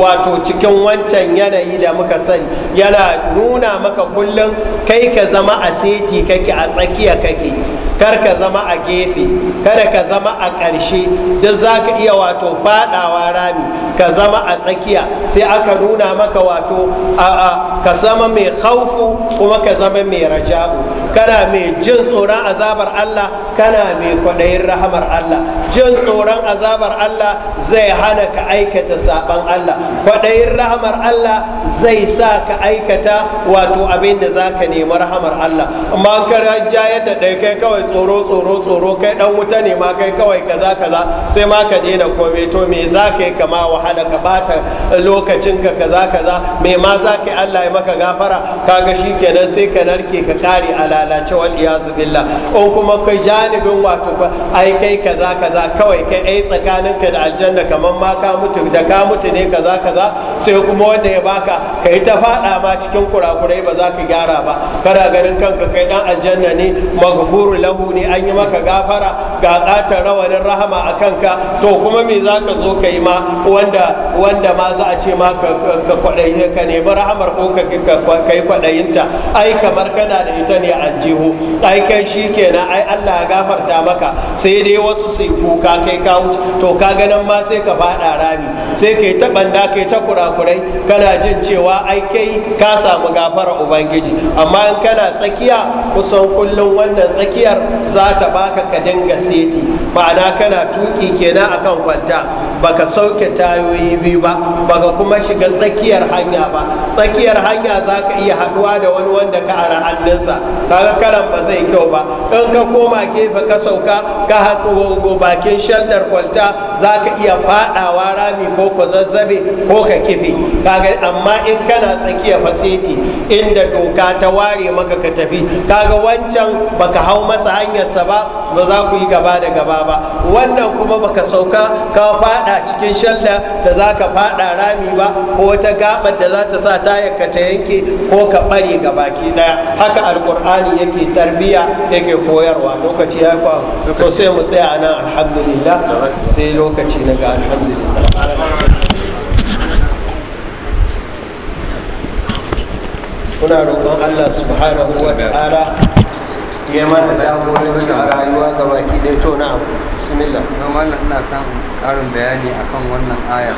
wato cikin wancan yanayi da muka sani yana nuna maka kullum kai ka zama a seti kake a tsakiya kake kar ka zama a gefe kada ka zama a ƙarshe duk za ka iya wato faɗawa rami ka zama a tsakiya sai aka nuna maka wato a'a ka zama mai haufu kuma ka zama mai raja'u kana mai jin tsoron azabar Allah kana mai kwaɗayin rahamar Allah jin tsoron azabar Allah zai hana ka aikata saban Allah kwaɗayin rahamar Allah zai sa ka aikata wato abin da za ka nemi rahamar Allah amma ka rajayar da ɗai kai kawai tsoro tsoro tsoro kai ɗan wuta ne ma kai kawai kaza kaza sai ma ka daina komai to me za ka yi kama wahala wahala ka bata lokacinka kaza kaza me ma za ka Allah ya maka gafara Ka ga shi kenan sai ka narke ka kare a lalace wal iyazu billah in kuma ka janibin wato ai kai kaza kaza kawai kai ai tsakaninka da aljanna kamar ma ka mutu da ka mutu ne kaza kaza sai kuma wanda ya baka ka ta faɗa ma cikin kurakurai ba za ka gyara ba kada ganin kanka kai dan aljanna ne maghfuru lahu ne an yi maka gafara ga ƙatar rawanin rahama a kanka to kuma me za ka zo ka yi ma wanda wanda wanda ma za a ce ma ka kwaɗayi ka nemi rahamar ko ka kai kwaɗayinta ai kamar kana da ita ne a jiho. ai kai shi kenan ai Allah ya gafarta maka sai dai wasu su yi kuka kai ka wuce to ka ganin ma sai ka faɗa rami sai kai ta banda kai ta kurakurai kana jin cewa ai kai ka samu gafara ubangiji amma in kana tsakiya kusan kullum wannan tsakiyar za ta baka ka dinga seti ma'ana kana tuki kenan akan kwanta baka sauke tayo hanyoyi biyu ba baka kuma shiga tsakiyar hanya ba tsakiyar hanya za ka iya haɗuwa da wani wanda ka ara hannunsa kaga karan ba zai kyau ba in ka koma gefe ka sauka ka haƙo bakin shaldar kwalta za ka iya faɗawa rami ko ku zazzabe ko ka kife kaga amma in kana tsakiya fasiti inda doka ta ware maka ka tafi kaga wancan baka hau masa hanyarsa ba ba za ku yi gaba da gaba ba wannan kuma baka sauka ka faɗa cikin shalda da za ka faɗa rami ba ko wata gabar da za ta sa tayar ka ta yanke ko ka ɓare ki ɗaya haka alƙur'ani yake tarbiyya yake koyarwa lokaci ya kwa ko sai mu tsaya nan alhamdulillah sai lokaci na ga muna roƙon allah subhanahu wa ta'ala ya mana jagoranci a rayuwa ga baki ɗaya to na abu. bismillah normal ina samun ƙarin bayani akan wannan ayar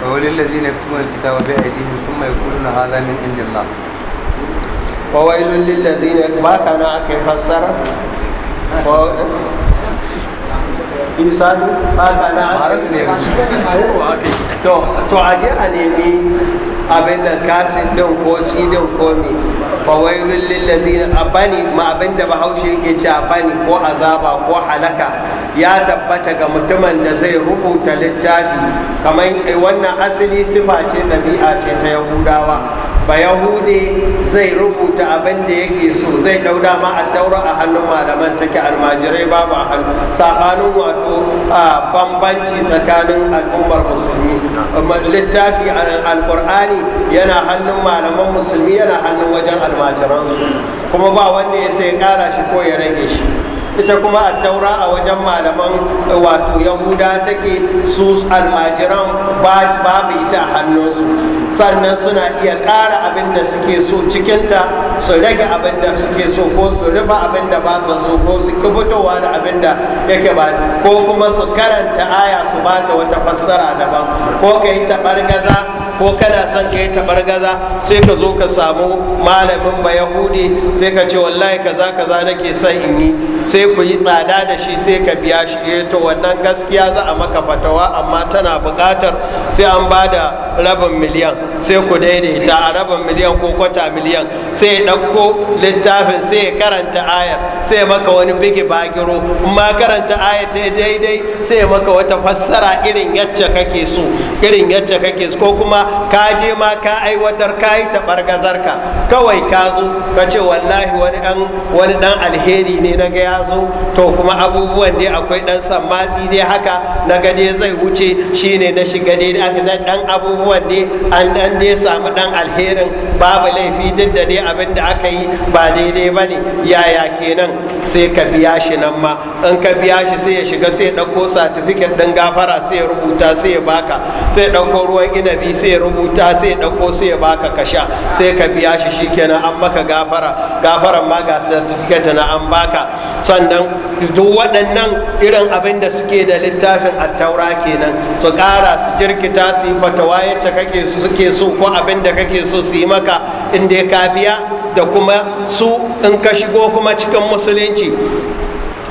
wawalin lazi na kuma fita wa bai aidihin kuma ya kulu na hada min indillah fawailun lillazi na baka na aka yi fassara isa ne na harasu ne oh, to to a je a nemi abin da kasin din ko sidin ko me fawailul a bani ma abin da bahaushe yake ce bani ko azaba ko halaka ya tabbata ga mutumin da zai rubuta littafi kamar wannan asali sifa ce ɗabi'a ce ta yahudawa ba yahude zai rubuta abin da yake so zai ɗau dama a daura a hannun malaman take almajirai babu a hannu saɓanin wato a bambanci tsakanin al'ummar musulmi littafi alƙur'ani yana hannun malaman musulmi yana hannun wajen almajiransu kuma ba wanda ya sai ƙara shi ko ya rage shi ita kuma a taura a wajen malaman wato yahuda take su almajiran babu ita a hannunsu sannan suna iya ƙara abin da suke so cikinta su rage abin da suke so ko su rufe abin da ba san so ko su fitowa da abin da yake ba ko kuma su karanta aya su bata wata fassara daban ko ka yi taɓar gaza ko kana son ka yi tabargaza sai ka zo ka samu malamin ba yahudi sai ka ce wallahi kaza kaza ke son in yi sai ku yi tsada da shi sai ka biya shi eh to wannan gaskiya za a maka fatawa amma tana buƙatar sai an ba da rabin miliyan sai ku daidaita a rabin miliyan ko kwata miliyan sai ya ɗauko littafin sai ya karanta ayar sai maka wani bigi bagiro in ma karanta ayar daidai sai maka wata fassara irin yacce kake so irin yacce kake so ko kuma ka je ma ka aiwatar ka yi taɓargazarka kawai ka zo ka ce wallahi wani ɗan wani ɗan alheri ne na ga ya zo to kuma abubuwan dai akwai ɗan matsi dai haka na gade zai wuce shine na shiga dai ɗan abubuwan dai an ɗan dai samu ɗan alherin babu laifi duk da dai abin da aka yi ba daidai ba ne yaya kenan sai ka biya shi nan ma in ka biya shi sai ya shiga sai ya ɗauko satifiket ɗin gafara sai ya rubuta sai ya baka sai ya ɗauko ruwan inabi sai rubuta sai ɗauko sai ya baka ka sha sai ka biya shi shikenan an maka gafara gafaran ma ga certificate na an baka sannan duk waɗannan irin abin da suke da littafin attaura kenan su ƙara su jirkita su yi fatawa yacce kake suke so ko abin da kake so su yi maka inda ka biya da kuma su in ka shigo kuma cikin musulunci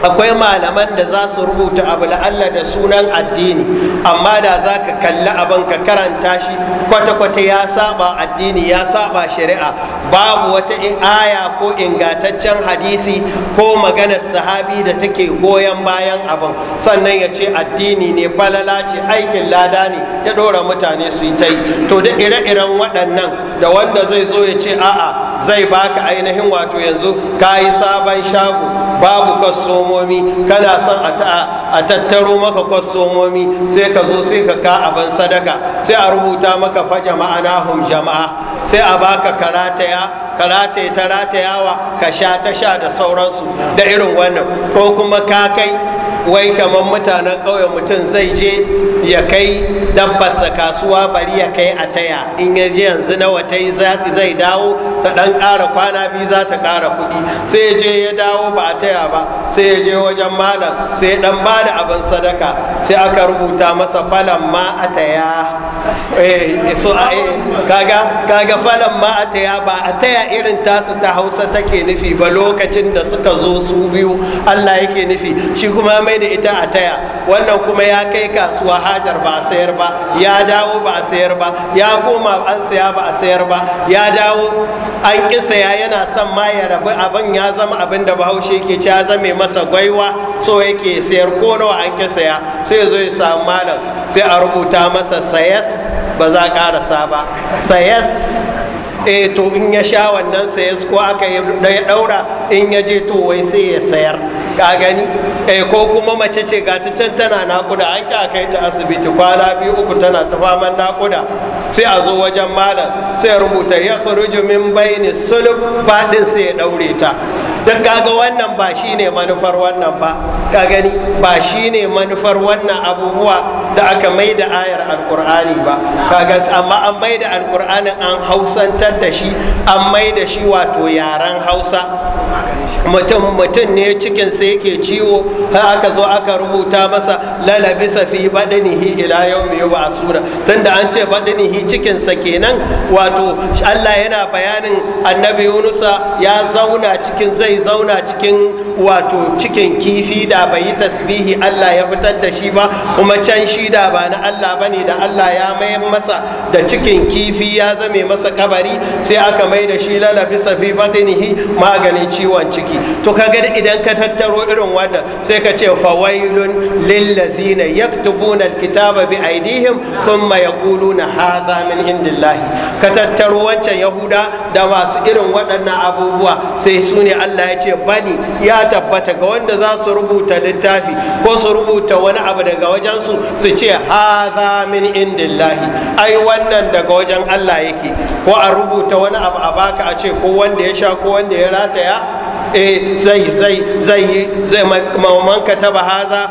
akwai malaman da za su rubuta abu la'alla da sunan addini amma da za ka kalli abin ka karanta shi kwata-kwata ya saba addini ya saba shari'a babu wata aya ko ingantaccen hadisi ko maganar sahabi da take goyon bayan abin sannan ya ce addini ne falala ce aikin lada ne ya ɗora mutane su yi ta yi to da ire-iren waɗannan da wanda zai zo ya ce a'a zai baka ainihin wato yanzu ka yi sabon shago babu kaso somomi kana son a tattaro maka somomi sai ka zo sai ka ka abin sadaka sai a rubuta maka fa jama'a hum jama'a sai a baka karataya ka ta ratayawa ka sha ta sha da sauransu da irin wannan ko kuma ka kai wai kamar mutanen ƙauyen mutum zai je ya kai dabbarsa kasuwa bari ya kai a taya in ya je yanzu nawa wata zai dawo ta ɗan ƙara kwana biyu za ta ƙara kuɗi sai ya je ya dawo ba a taya ba sai ya je wajen malam sai ya ɗan ba abin sadaka sai aka rubuta masa falan ma a taya eh, eh, kaga kaga falan ma a taya ba a taya irin tasu ta hausa take nufi ba lokacin da suka zo su biyu allah yake nufi shi kuma mai sai da ita a taya wannan kuma ya kai kasuwa hajar ba a sayar ba ya dawo ba a sayar ba ya koma an saya ba a sayar ba ya dawo an ƙi saya yana son ma ya rabu abin ya zama abin da bahaushe ke ci ya zame masa gwaiwa so yake sayar ko nawa an ƙi saya sai zo ya samu malam sai a rubuta masa sayas ba za a ƙarasa ba sayas eh to in ya sha wannan sai ko aka ya daura in ya je to wai sai ya sayar ka gani eh ko kuma mace ce ga ta can tana nakuda an ka kai ta asibiti kwana biyu uku tana ta faman nakuda sai a zo wajen malam sai ya rubuta ya kharuju min baini sulub fadin sai ya daure ta dan kaga wannan ba shine manufar wannan ba ka gani ba shine manufar wannan abubuwa da aka maida ayar alqur'ani ba kaga amma an maida alqur'anin an hausanta fitar da shi an mai da shi wato yaren hausa mutum mutum ne cikin sai yake ciwo har aka zo aka rubuta masa lalabi fi badanihi ila yau yawmi yuba asura tunda an ce badanihi cikin sa kenan wato Allah yana bayanin annabi Yunusa ya zauna cikin zai zauna cikin wato cikin kifi da bai tasbihi Allah ya fitar da shi ba kuma can shi da ba na Allah bane da Allah ya mayar masa da cikin kifi ya zame masa kabari sai aka mai da shi lalabi safi batinihi maganin ciwon ciki to ka ga idan ka tattaro irin wannan sai ka ce fawailun lillazina yaktubuna alkitaba bi aidihim thumma yaquluna hadha min indillahi ka tattaro wancan yahuda da masu irin waɗannan abubuwa sai su ne Allah ya ce bani ya tabbata ga wanda za su rubuta littafi ko su rubuta wani abu daga wajensu su ce hadha min indillahi ai wannan daga wajen Allah yake ko a rubuta wani abu a baka a ce ko wanda ya sha ko wanda ya rataya e zai zai zai yi zai man kataba haza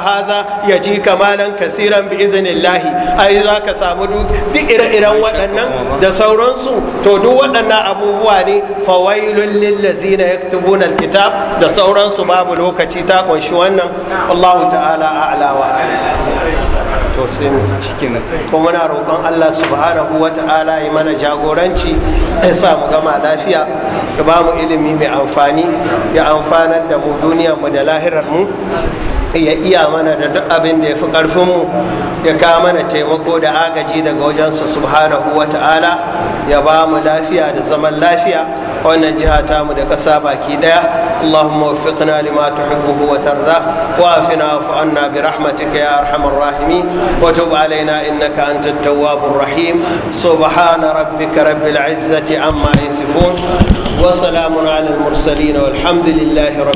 haza ya ji kamalan kasiran bi iznillahi ai za ka samu duk ire-iren waɗannan da sauransu to duk waɗannan abubuwa ne fawailun lillazina yaktubuna alkitab da sauransu babu lokaci ta kunshi wannan Allahu ta'ala a alawa tausayin sai ko muna roƙon allah subhanahu wata'ala ta'ala ya mana jagoranci ya sa mu gama lafiya da ba mu ilimi mai amfani ya amfanar da mu duniyar mu da lahirar mu ya iya mana da duk abin da ya fi ƙarfinmu ya ka mana taimako da agaji daga wajensa subhanahu wa ta'ala ya ba lafiya da zaman lafiya wannan jiha tamu da ƙasa baki ɗaya allahumma waffiqna lima tuhibbuhu wa tarda afina afu anna bi rahmatika ya arhamar rahimin wa tub alaina innaka antat tawwabur rahim subhana rabbika rabbil izzati amma yasifun wa salamun ala al mursalin